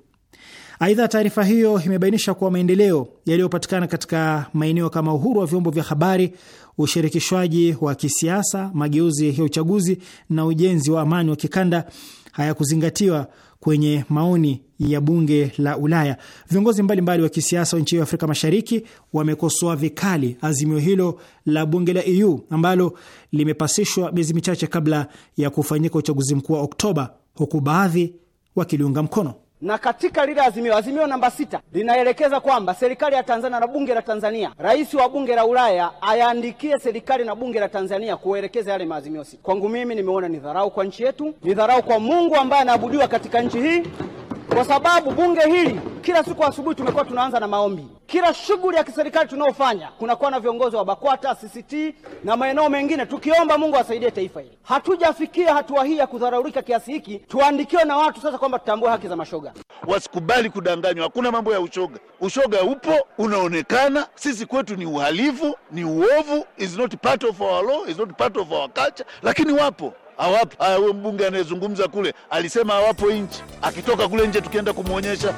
Aidha, taarifa hiyo imebainisha kuwa maendeleo yaliyopatikana katika maeneo kama uhuru wa vyombo vya habari, ushirikishwaji wa kisiasa, mageuzi ya uchaguzi na ujenzi wa amani wa kikanda hayakuzingatiwa kwenye maoni ya bunge la Ulaya. Viongozi mbalimbali wa kisiasa wa nchi hiyo ya Afrika Mashariki wamekosoa vikali azimio hilo la bunge la EU ambalo limepasishwa miezi michache kabla ya kufanyika uchaguzi mkuu wa Oktoba, huku baadhi wakiliunga mkono na katika lile azimio, azimio namba sita linaelekeza kwamba serikali ya Tanzania na bunge la Tanzania, rais wa bunge la Ulaya ayaandikie serikali na bunge la Tanzania kuelekeza yale maazimio sita. Kwangu mimi nimeona ni dharau kwa nchi yetu, ni dharau kwa Mungu ambaye anaabudiwa katika nchi hii kwa sababu bunge hili kila siku asubuhi tumekuwa tunaanza na maombi. Kila shughuli ya kiserikali tunayofanya kunakuwa na viongozi wa BAKWATA, CCT na maeneo mengine, tukiomba Mungu asaidie taifa hili. Hatujafikia hatua hii ya kudharaurika kiasi hiki, tuandikiwe na watu sasa kwamba tutambue haki za mashoga. Wasikubali kudanganywa, hakuna mambo ya ushoga. Ushoga upo, unaonekana, sisi kwetu ni uhalifu, ni uovu, is not part of our law, is not part of our culture, lakini wapo hawapa huyo mbunge anayezungumza kule alisema hawapo nje, akitoka kule nje tukienda kumwonyesha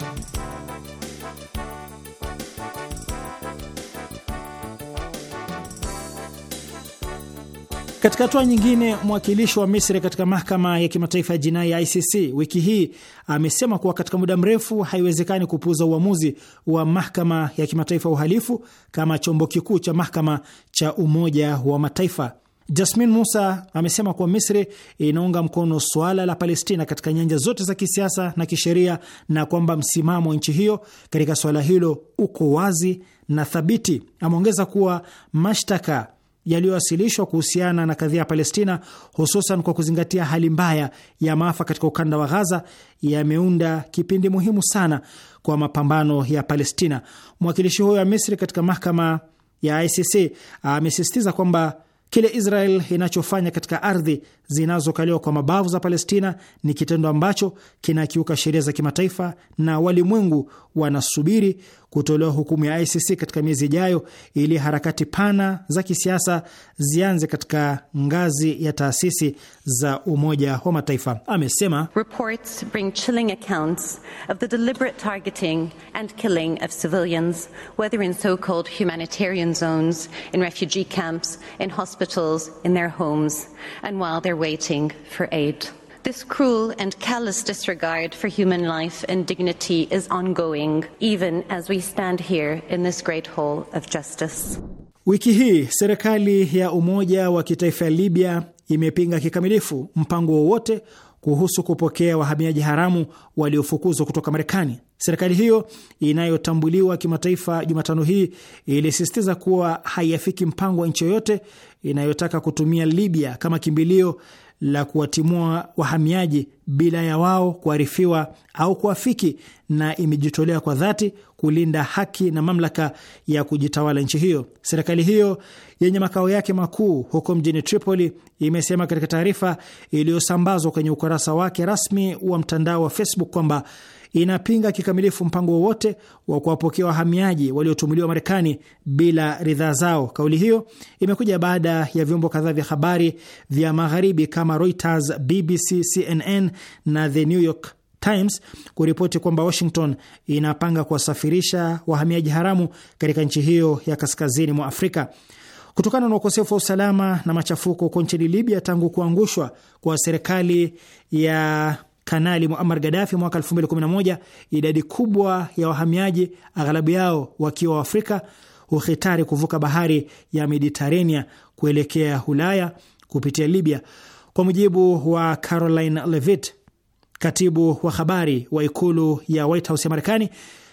Katika hatua nyingine, mwakilishi wa Misri katika mahakama ya kimataifa ya jinai ya ICC wiki hii amesema kuwa katika muda mrefu haiwezekani kupuuza uamuzi wa mahakama ya kimataifa ya uhalifu kama chombo kikuu cha mahakama cha Umoja wa Mataifa. Jasmin Musa amesema kuwa Misri inaunga mkono suala la Palestina katika nyanja zote za kisiasa na kisheria na kwamba msimamo wa nchi hiyo katika suala hilo uko wazi na thabiti. Ameongeza kuwa mashtaka yaliyowasilishwa kuhusiana na kadhia ya Palestina, hususan kwa kuzingatia hali mbaya ya maafa katika ukanda wa Ghaza, yameunda kipindi muhimu sana kwa mapambano ya Palestina. Mwakilishi huyo wa Misri katika mahakama ya ICC amesisitiza kwamba Kile Israel inachofanya katika ardhi zinazokaliwa kwa mabavu za Palestina ni kitendo ambacho kinakiuka sheria za kimataifa na walimwengu wanasubiri kutolewa hukumu ya ICC katika miezi ijayo, ili harakati pana za kisiasa zianze katika ngazi ya taasisi za Umoja wa Mataifa, amesema. Reports bring chilling accounts of the deliberate targeting and killing of civilians whether in so-called humanitarian zones in refugee camps in hospitals in their homes and while they're waiting for aid. This cruel and callous disregard for human life and dignity is ongoing, even as we stand here in this great hall of justice. Wiki hii serikali ya umoja wa kitaifa ya Libya imepinga kikamilifu mpango wowote kuhusu kupokea wahamiaji haramu waliofukuzwa kutoka Marekani. Serikali hiyo inayotambuliwa kimataifa Jumatano hii ilisisitiza kuwa haiafiki mpango wa nchi yoyote inayotaka kutumia Libya kama kimbilio la kuwatimua wahamiaji bila ya wao kuarifiwa au kuafiki, na imejitolea kwa dhati kulinda haki na mamlaka ya kujitawala nchi hiyo. Serikali hiyo yenye makao yake makuu huko mjini Tripoli imesema katika taarifa iliyosambazwa kwenye ukurasa wake rasmi wa mtandao wa Facebook kwamba inapinga kikamilifu mpango wowote wa kuwapokea wahamiaji waliotumuliwa Marekani bila ridhaa zao. Kauli hiyo imekuja baada ya vyombo kadhaa vya habari vya magharibi kama Reuters, BBC, CNN na The New York Times kuripoti kwamba Washington inapanga kuwasafirisha wahamiaji haramu katika nchi hiyo ya kaskazini mwa Afrika. Kutokana na ukosefu wa usalama na machafuko huko nchini Libya tangu kuangushwa kwa serikali ya Kanali Muammar Gaddafi mwaka 2011, idadi kubwa ya wahamiaji, aghalabu yao wakiwa Waafrika, huhitari kuvuka bahari ya Mediterania kuelekea Ulaya kupitia Libya. Kwa mujibu wa Caroline Levitt, katibu wa habari wa ikulu ya White House ya Marekani,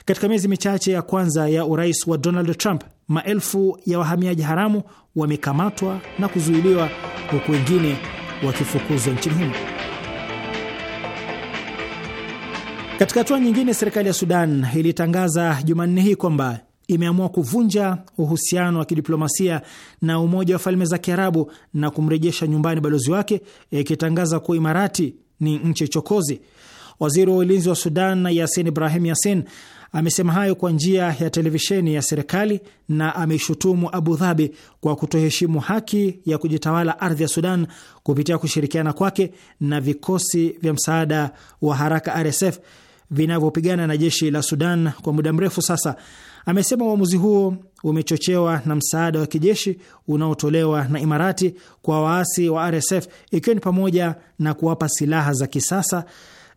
katika miezi michache ya kwanza ya urais wa Donald Trump, maelfu ya wahamiaji haramu wamekamatwa na kuzuiliwa, huku wengine wakifukuzwa nchini humo. Katika hatua nyingine, serikali ya Sudan ilitangaza Jumanne hii kwamba imeamua kuvunja uhusiano wa kidiplomasia na Umoja wa Falme za Kiarabu na kumrejesha nyumbani balozi wake, ikitangaza kuwa Imarati ni nchi chokozi. Waziri wa ulinzi wa Sudan Yasin Ibrahim Yasin amesema hayo kwa njia ya televisheni ya serikali na ameishutumu Abu Dhabi kwa kutoheshimu haki ya kujitawala ardhi ya Sudan kupitia kushirikiana kwake na vikosi vya msaada wa haraka RSF vinavyopigana na jeshi la Sudan kwa muda mrefu sasa. Amesema uamuzi huo umechochewa na msaada wa kijeshi unaotolewa na Imarati kwa waasi wa RSF, ikiwa ni pamoja na kuwapa silaha za kisasa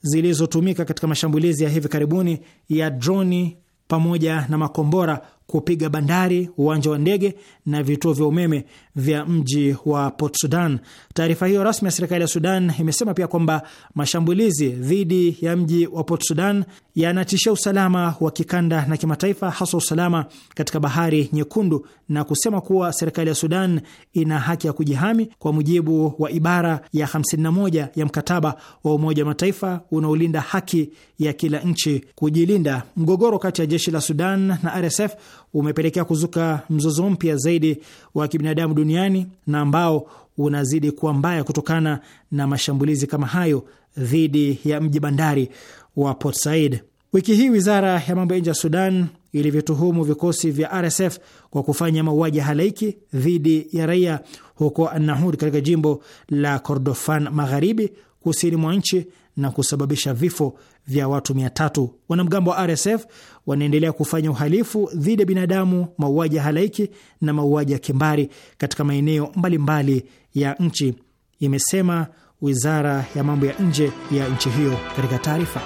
zilizotumika katika mashambulizi ya hivi karibuni ya droni pamoja na makombora kupiga bandari, uwanja wa ndege na vituo vya umeme vya mji wa Port Sudan. Taarifa hiyo rasmi ya serikali ya Sudan imesema pia kwamba mashambulizi dhidi ya mji wa Port Sudan yanatishia usalama wa kikanda na kimataifa, hasa usalama katika Bahari Nyekundu, na kusema kuwa serikali ya Sudan ina haki ya kujihami kwa mujibu wa ibara ya 51 ya mkataba wa Umoja wa Mataifa unaolinda haki ya kila nchi kujilinda. Mgogoro kati ya jeshi la Sudan na RSF umepelekea kuzuka mzozo mpya zaidi wa kibinadamu duniani na ambao unazidi kuwa mbaya kutokana na mashambulizi kama hayo dhidi ya mji bandari wa Port Said. Wiki hii wizara ya mambo ya nje ya Sudan ilivyotuhumu vikosi vya RSF kwa kufanya mauaji halaiki dhidi ya raia huko Annahud katika jimbo la Kordofan Magharibi, kusini mwa nchi na kusababisha vifo vya watu mia tatu. Wanamgambo wa RSF wanaendelea kufanya uhalifu dhidi ya binadamu, mauaji ya halaiki na mauaji ya kimbari katika maeneo mbalimbali ya nchi, imesema wizara ya mambo ya nje ya nchi hiyo katika taarifa.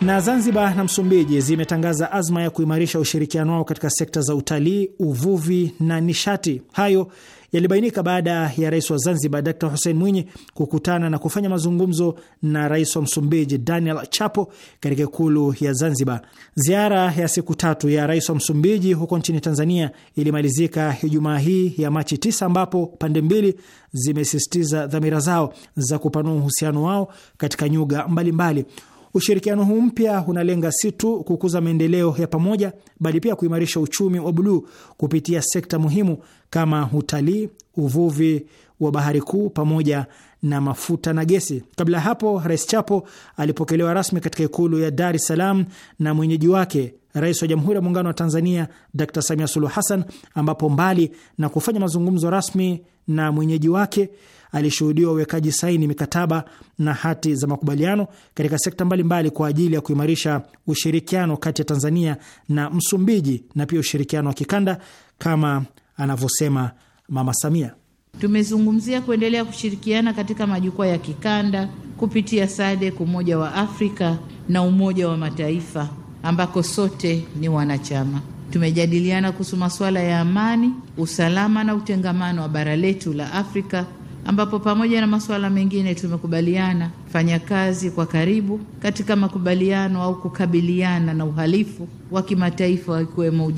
Na Zanzibar na Msumbiji zimetangaza azma ya kuimarisha ushirikiano wao katika sekta za utalii, uvuvi na nishati. Hayo yalibainika baada ya rais wa Zanzibar Dr Hussein Mwinyi kukutana na kufanya mazungumzo na rais wa Msumbiji Daniel Chapo katika ikulu ya Zanzibar. Ziara ya siku tatu ya rais wa Msumbiji huko nchini Tanzania ilimalizika Ijumaa hii ya Machi 9 ambapo pande mbili zimesisitiza dhamira zao za kupanua uhusiano wao katika nyuga mbalimbali mbali. Ushirikiano huu mpya unalenga si tu kukuza maendeleo ya pamoja, bali pia kuimarisha uchumi wa buluu kupitia sekta muhimu kama utalii, uvuvi wa bahari kuu pamoja na mafuta na gesi. Kabla ya hapo, Rais Chapo alipokelewa rasmi katika ikulu ya Dar es Salaam na mwenyeji wake Rais wa Jamhuri ya Muungano wa Tanzania Dr. Samia Suluhu Hassan, ambapo mbali na kufanya mazungumzo rasmi na mwenyeji wake alishuhudiwa uwekaji saini mikataba na hati za makubaliano katika sekta mbalimbali kwa ajili ya kuimarisha ushirikiano kati ya Tanzania na Msumbiji na pia ushirikiano wa kikanda kama anavyosema Mama Samia. Tumezungumzia kuendelea kushirikiana katika majukwaa ya kikanda kupitia SADC, Umoja wa Afrika na Umoja wa Mataifa ambako sote ni wanachama. Tumejadiliana kuhusu masuala ya amani, usalama na utengamano wa bara letu la Afrika ambapo pamoja na masuala mengine tumekubaliana fanya kazi kwa karibu katika makubaliano au kukabiliana na uhalifu wa kimataifa ikiwemo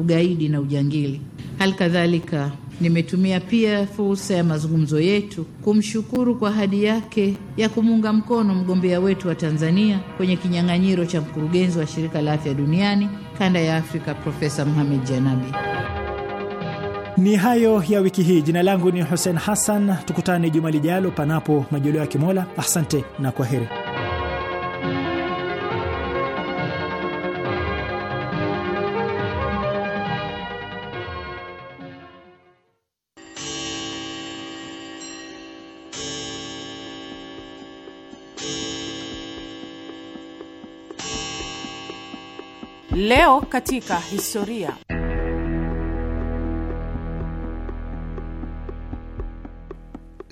ugaidi na ujangili. Hali kadhalika nimetumia pia fursa ya mazungumzo yetu kumshukuru kwa ahadi yake ya kumuunga mkono mgombea wetu wa Tanzania kwenye kinyang'anyiro cha mkurugenzi wa shirika la afya duniani kanda ya Afrika, Profesa Mohamed Janabi. Ni hayo ya wiki hii. Jina langu ni Hussein Hassan, tukutane juma lijalo, panapo majoleo ya Kimola. Asante na kwa heri. Leo katika historia.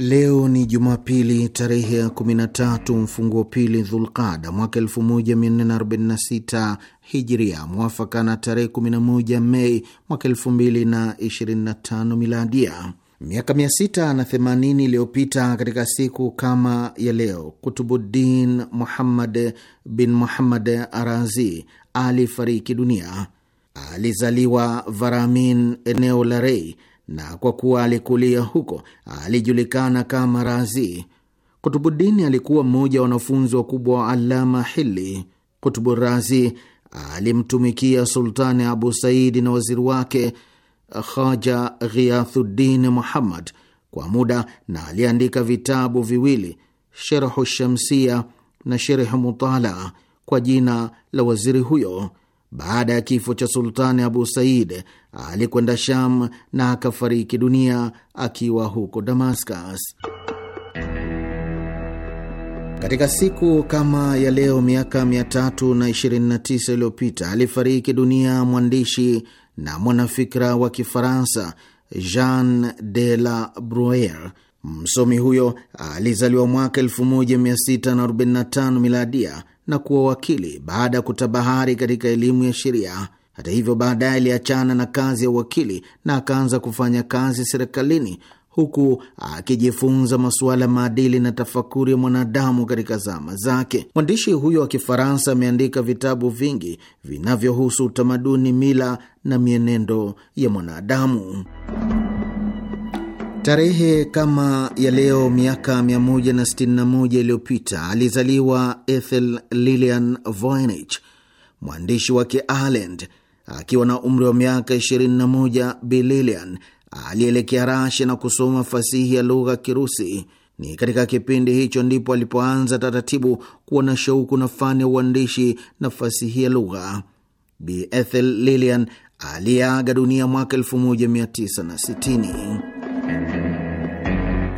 Leo ni Jumapili tarehe ya 13 mfunguo pili Dhulqada mwaka 1446 Hijria, mwafaka na tarehe 11 Mei mwaka 2025 Miladia. Miaka 680 iliyopita katika siku kama ya leo, Kutubuddin Muhammad bin Muhammad Arazi alifariki dunia. Alizaliwa Varamin, eneo la Rei na kwa kuwa alikulia huko alijulikana kama Razi. Kutubudini alikuwa mmoja wa wanafunzi wakubwa wa Alama Hili. Kutubu Razi alimtumikia Sultani Abu Saidi na waziri wake Khaja Ghiathuddin Muhammad kwa muda, na aliandika vitabu viwili, Sherhu Shamsia na Sherhu Mutala, kwa jina la waziri huyo. Baada ya kifo cha Sultani Abu Said alikwenda Sham na akafariki dunia akiwa huko Damascus. Katika siku kama ya leo miaka 329 iliyopita alifariki dunia mwandishi na mwanafikra wa Kifaransa Jean de la Bruyere. Msomi huyo alizaliwa mwaka 1645 miladia na kuwa wakili baada ya kutabahari katika elimu ya sheria. Hata hivyo, baadaye aliachana na kazi ya uwakili na akaanza kufanya kazi serikalini huku akijifunza masuala ya maadili na tafakuri ya mwanadamu katika zama zake. Mwandishi huyo wa Kifaransa ameandika vitabu vingi vinavyohusu utamaduni, mila na mienendo ya mwanadamu. Tarehe kama ya leo miaka 161 iliyopita alizaliwa Ethel lilian Voynich, mwandishi wa Kiireland. Akiwa na umri wa miaka 21, Bi Lillian alielekea Rasia na kusoma fasihi ya lugha Kirusi. Ni katika kipindi hicho ndipo alipoanza taratibu kuwa na shauku na fani ya uandishi na fasihi ya lugha. Bi Ethel Lilian aliyeaga dunia mwaka 1960.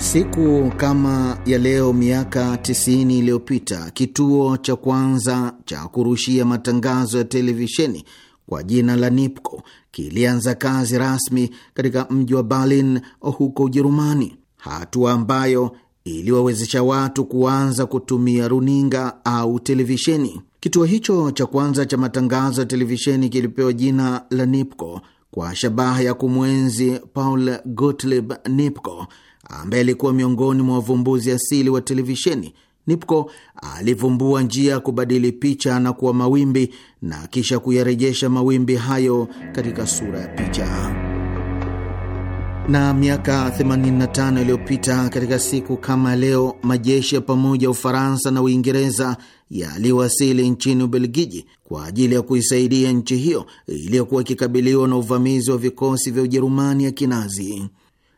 Siku kama ya leo miaka 90 iliyopita kituo cha kwanza cha kurushia matangazo ya televisheni kwa jina la Nipco kilianza kazi rasmi katika mji wa Berlin huko Ujerumani, hatua ambayo iliwawezesha watu kuanza kutumia runinga au televisheni. Kituo hicho cha kwanza cha matangazo ya televisheni kilipewa jina la Nipco kwa shabaha ya kumwenzi Paul Gottlieb Nipco, ambaye alikuwa miongoni mwa wavumbuzi asili wa televisheni. Nipko alivumbua njia ya kubadili picha na kuwa mawimbi na kisha kuyarejesha mawimbi hayo katika sura ya picha. Na miaka 85 iliyopita katika siku kama leo, majeshi ya pamoja ya Ufaransa na Uingereza yaliwasili nchini Ubelgiji kwa ajili ya kuisaidia nchi hiyo iliyokuwa ikikabiliwa na uvamizi wa vikosi vya Ujerumani ya Kinazi.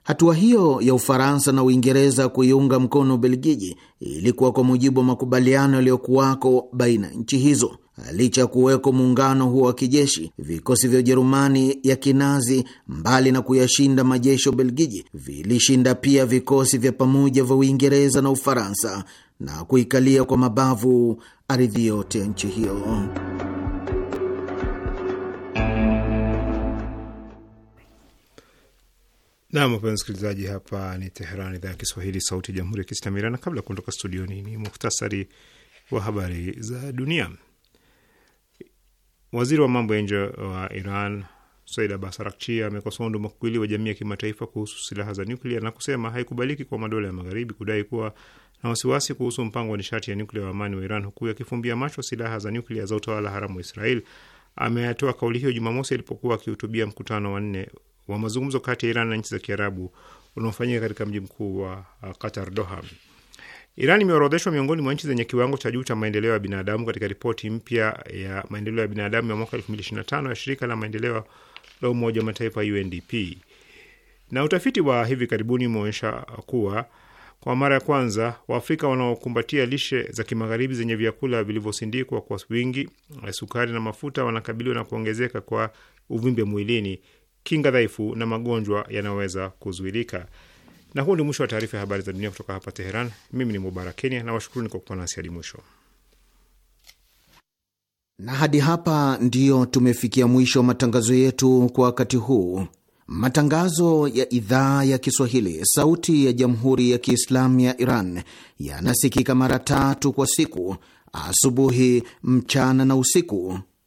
Hatua hiyo ya Ufaransa na Uingereza kuiunga mkono Ubelgiji ilikuwa kwa mujibu wa makubaliano yaliyokuwako baina ya nchi hizo. Licha ya kuweko muungano huo wa kijeshi, vikosi vya Ujerumani ya Kinazi, mbali na kuyashinda majeshi ya Ubelgiji, vilishinda pia vikosi vya pamoja vya Uingereza na Ufaransa na kuikalia kwa mabavu ardhi yote ya nchi hiyo. Nam, wapenzi msikilizaji, hapa ni Teheran, idhaa ya Kiswahili, sauti ya jamhuri ya kiislamu Iran. kabla ya kuondoka studioni, ni muhtasari wa habari za dunia. Waziri wa mambo ya nje wa Iran Said Abbas amekosoa unduma wa jamii ya kimataifa kuhusu silaha za nyuklia na kusema haikubaliki kwa madola ya magharibi kudai kuwa na wasiwasi kuhusu mpango wa nishati ya nyuklia wa amani wa Iran huku yakifumbia macho silaha za nyuklia za utawala haramu wa Israel. ameatoa kauli hiyo Jumamosi alipokuwa akihutubia mkutano wa nne wa mazungumzo kati ya Iran na nchi za Kiarabu unaofanyika katika mji mkuu wa uh, Qatar, Doha. Iran imeorodheshwa miongoni mwa nchi zenye kiwango cha juu cha maendeleo ya binadamu katika ripoti mpya ya maendeleo ya binadamu ya mwaka 2025 ya shirika la maendeleo la Umoja wa Mataifa, UNDP. Na utafiti wa hivi karibuni umeonyesha kuwa kwa mara ya kwanza Waafrika wanaokumbatia lishe za kimagharibi zenye vyakula vilivyosindikwa kwa wingi, sukari na mafuta wanakabiliwa na kuongezeka kwa uvimbe mwilini kinga dhaifu na magonjwa yanayoweza kuzuilika. Na huu ni mwisho wa taarifa ya habari za dunia kutoka hapa Teheran. Mimi ni Mubarak Kenya na washukuruni kwa kuwa nasi hadi mwisho. Na hadi hapa ndiyo tumefikia mwisho wa matangazo yetu kwa wakati huu. Matangazo ya idhaa ya Kiswahili, sauti ya jamhuri ya kiislamu ya Iran yanasikika mara tatu kwa siku: asubuhi, mchana na usiku.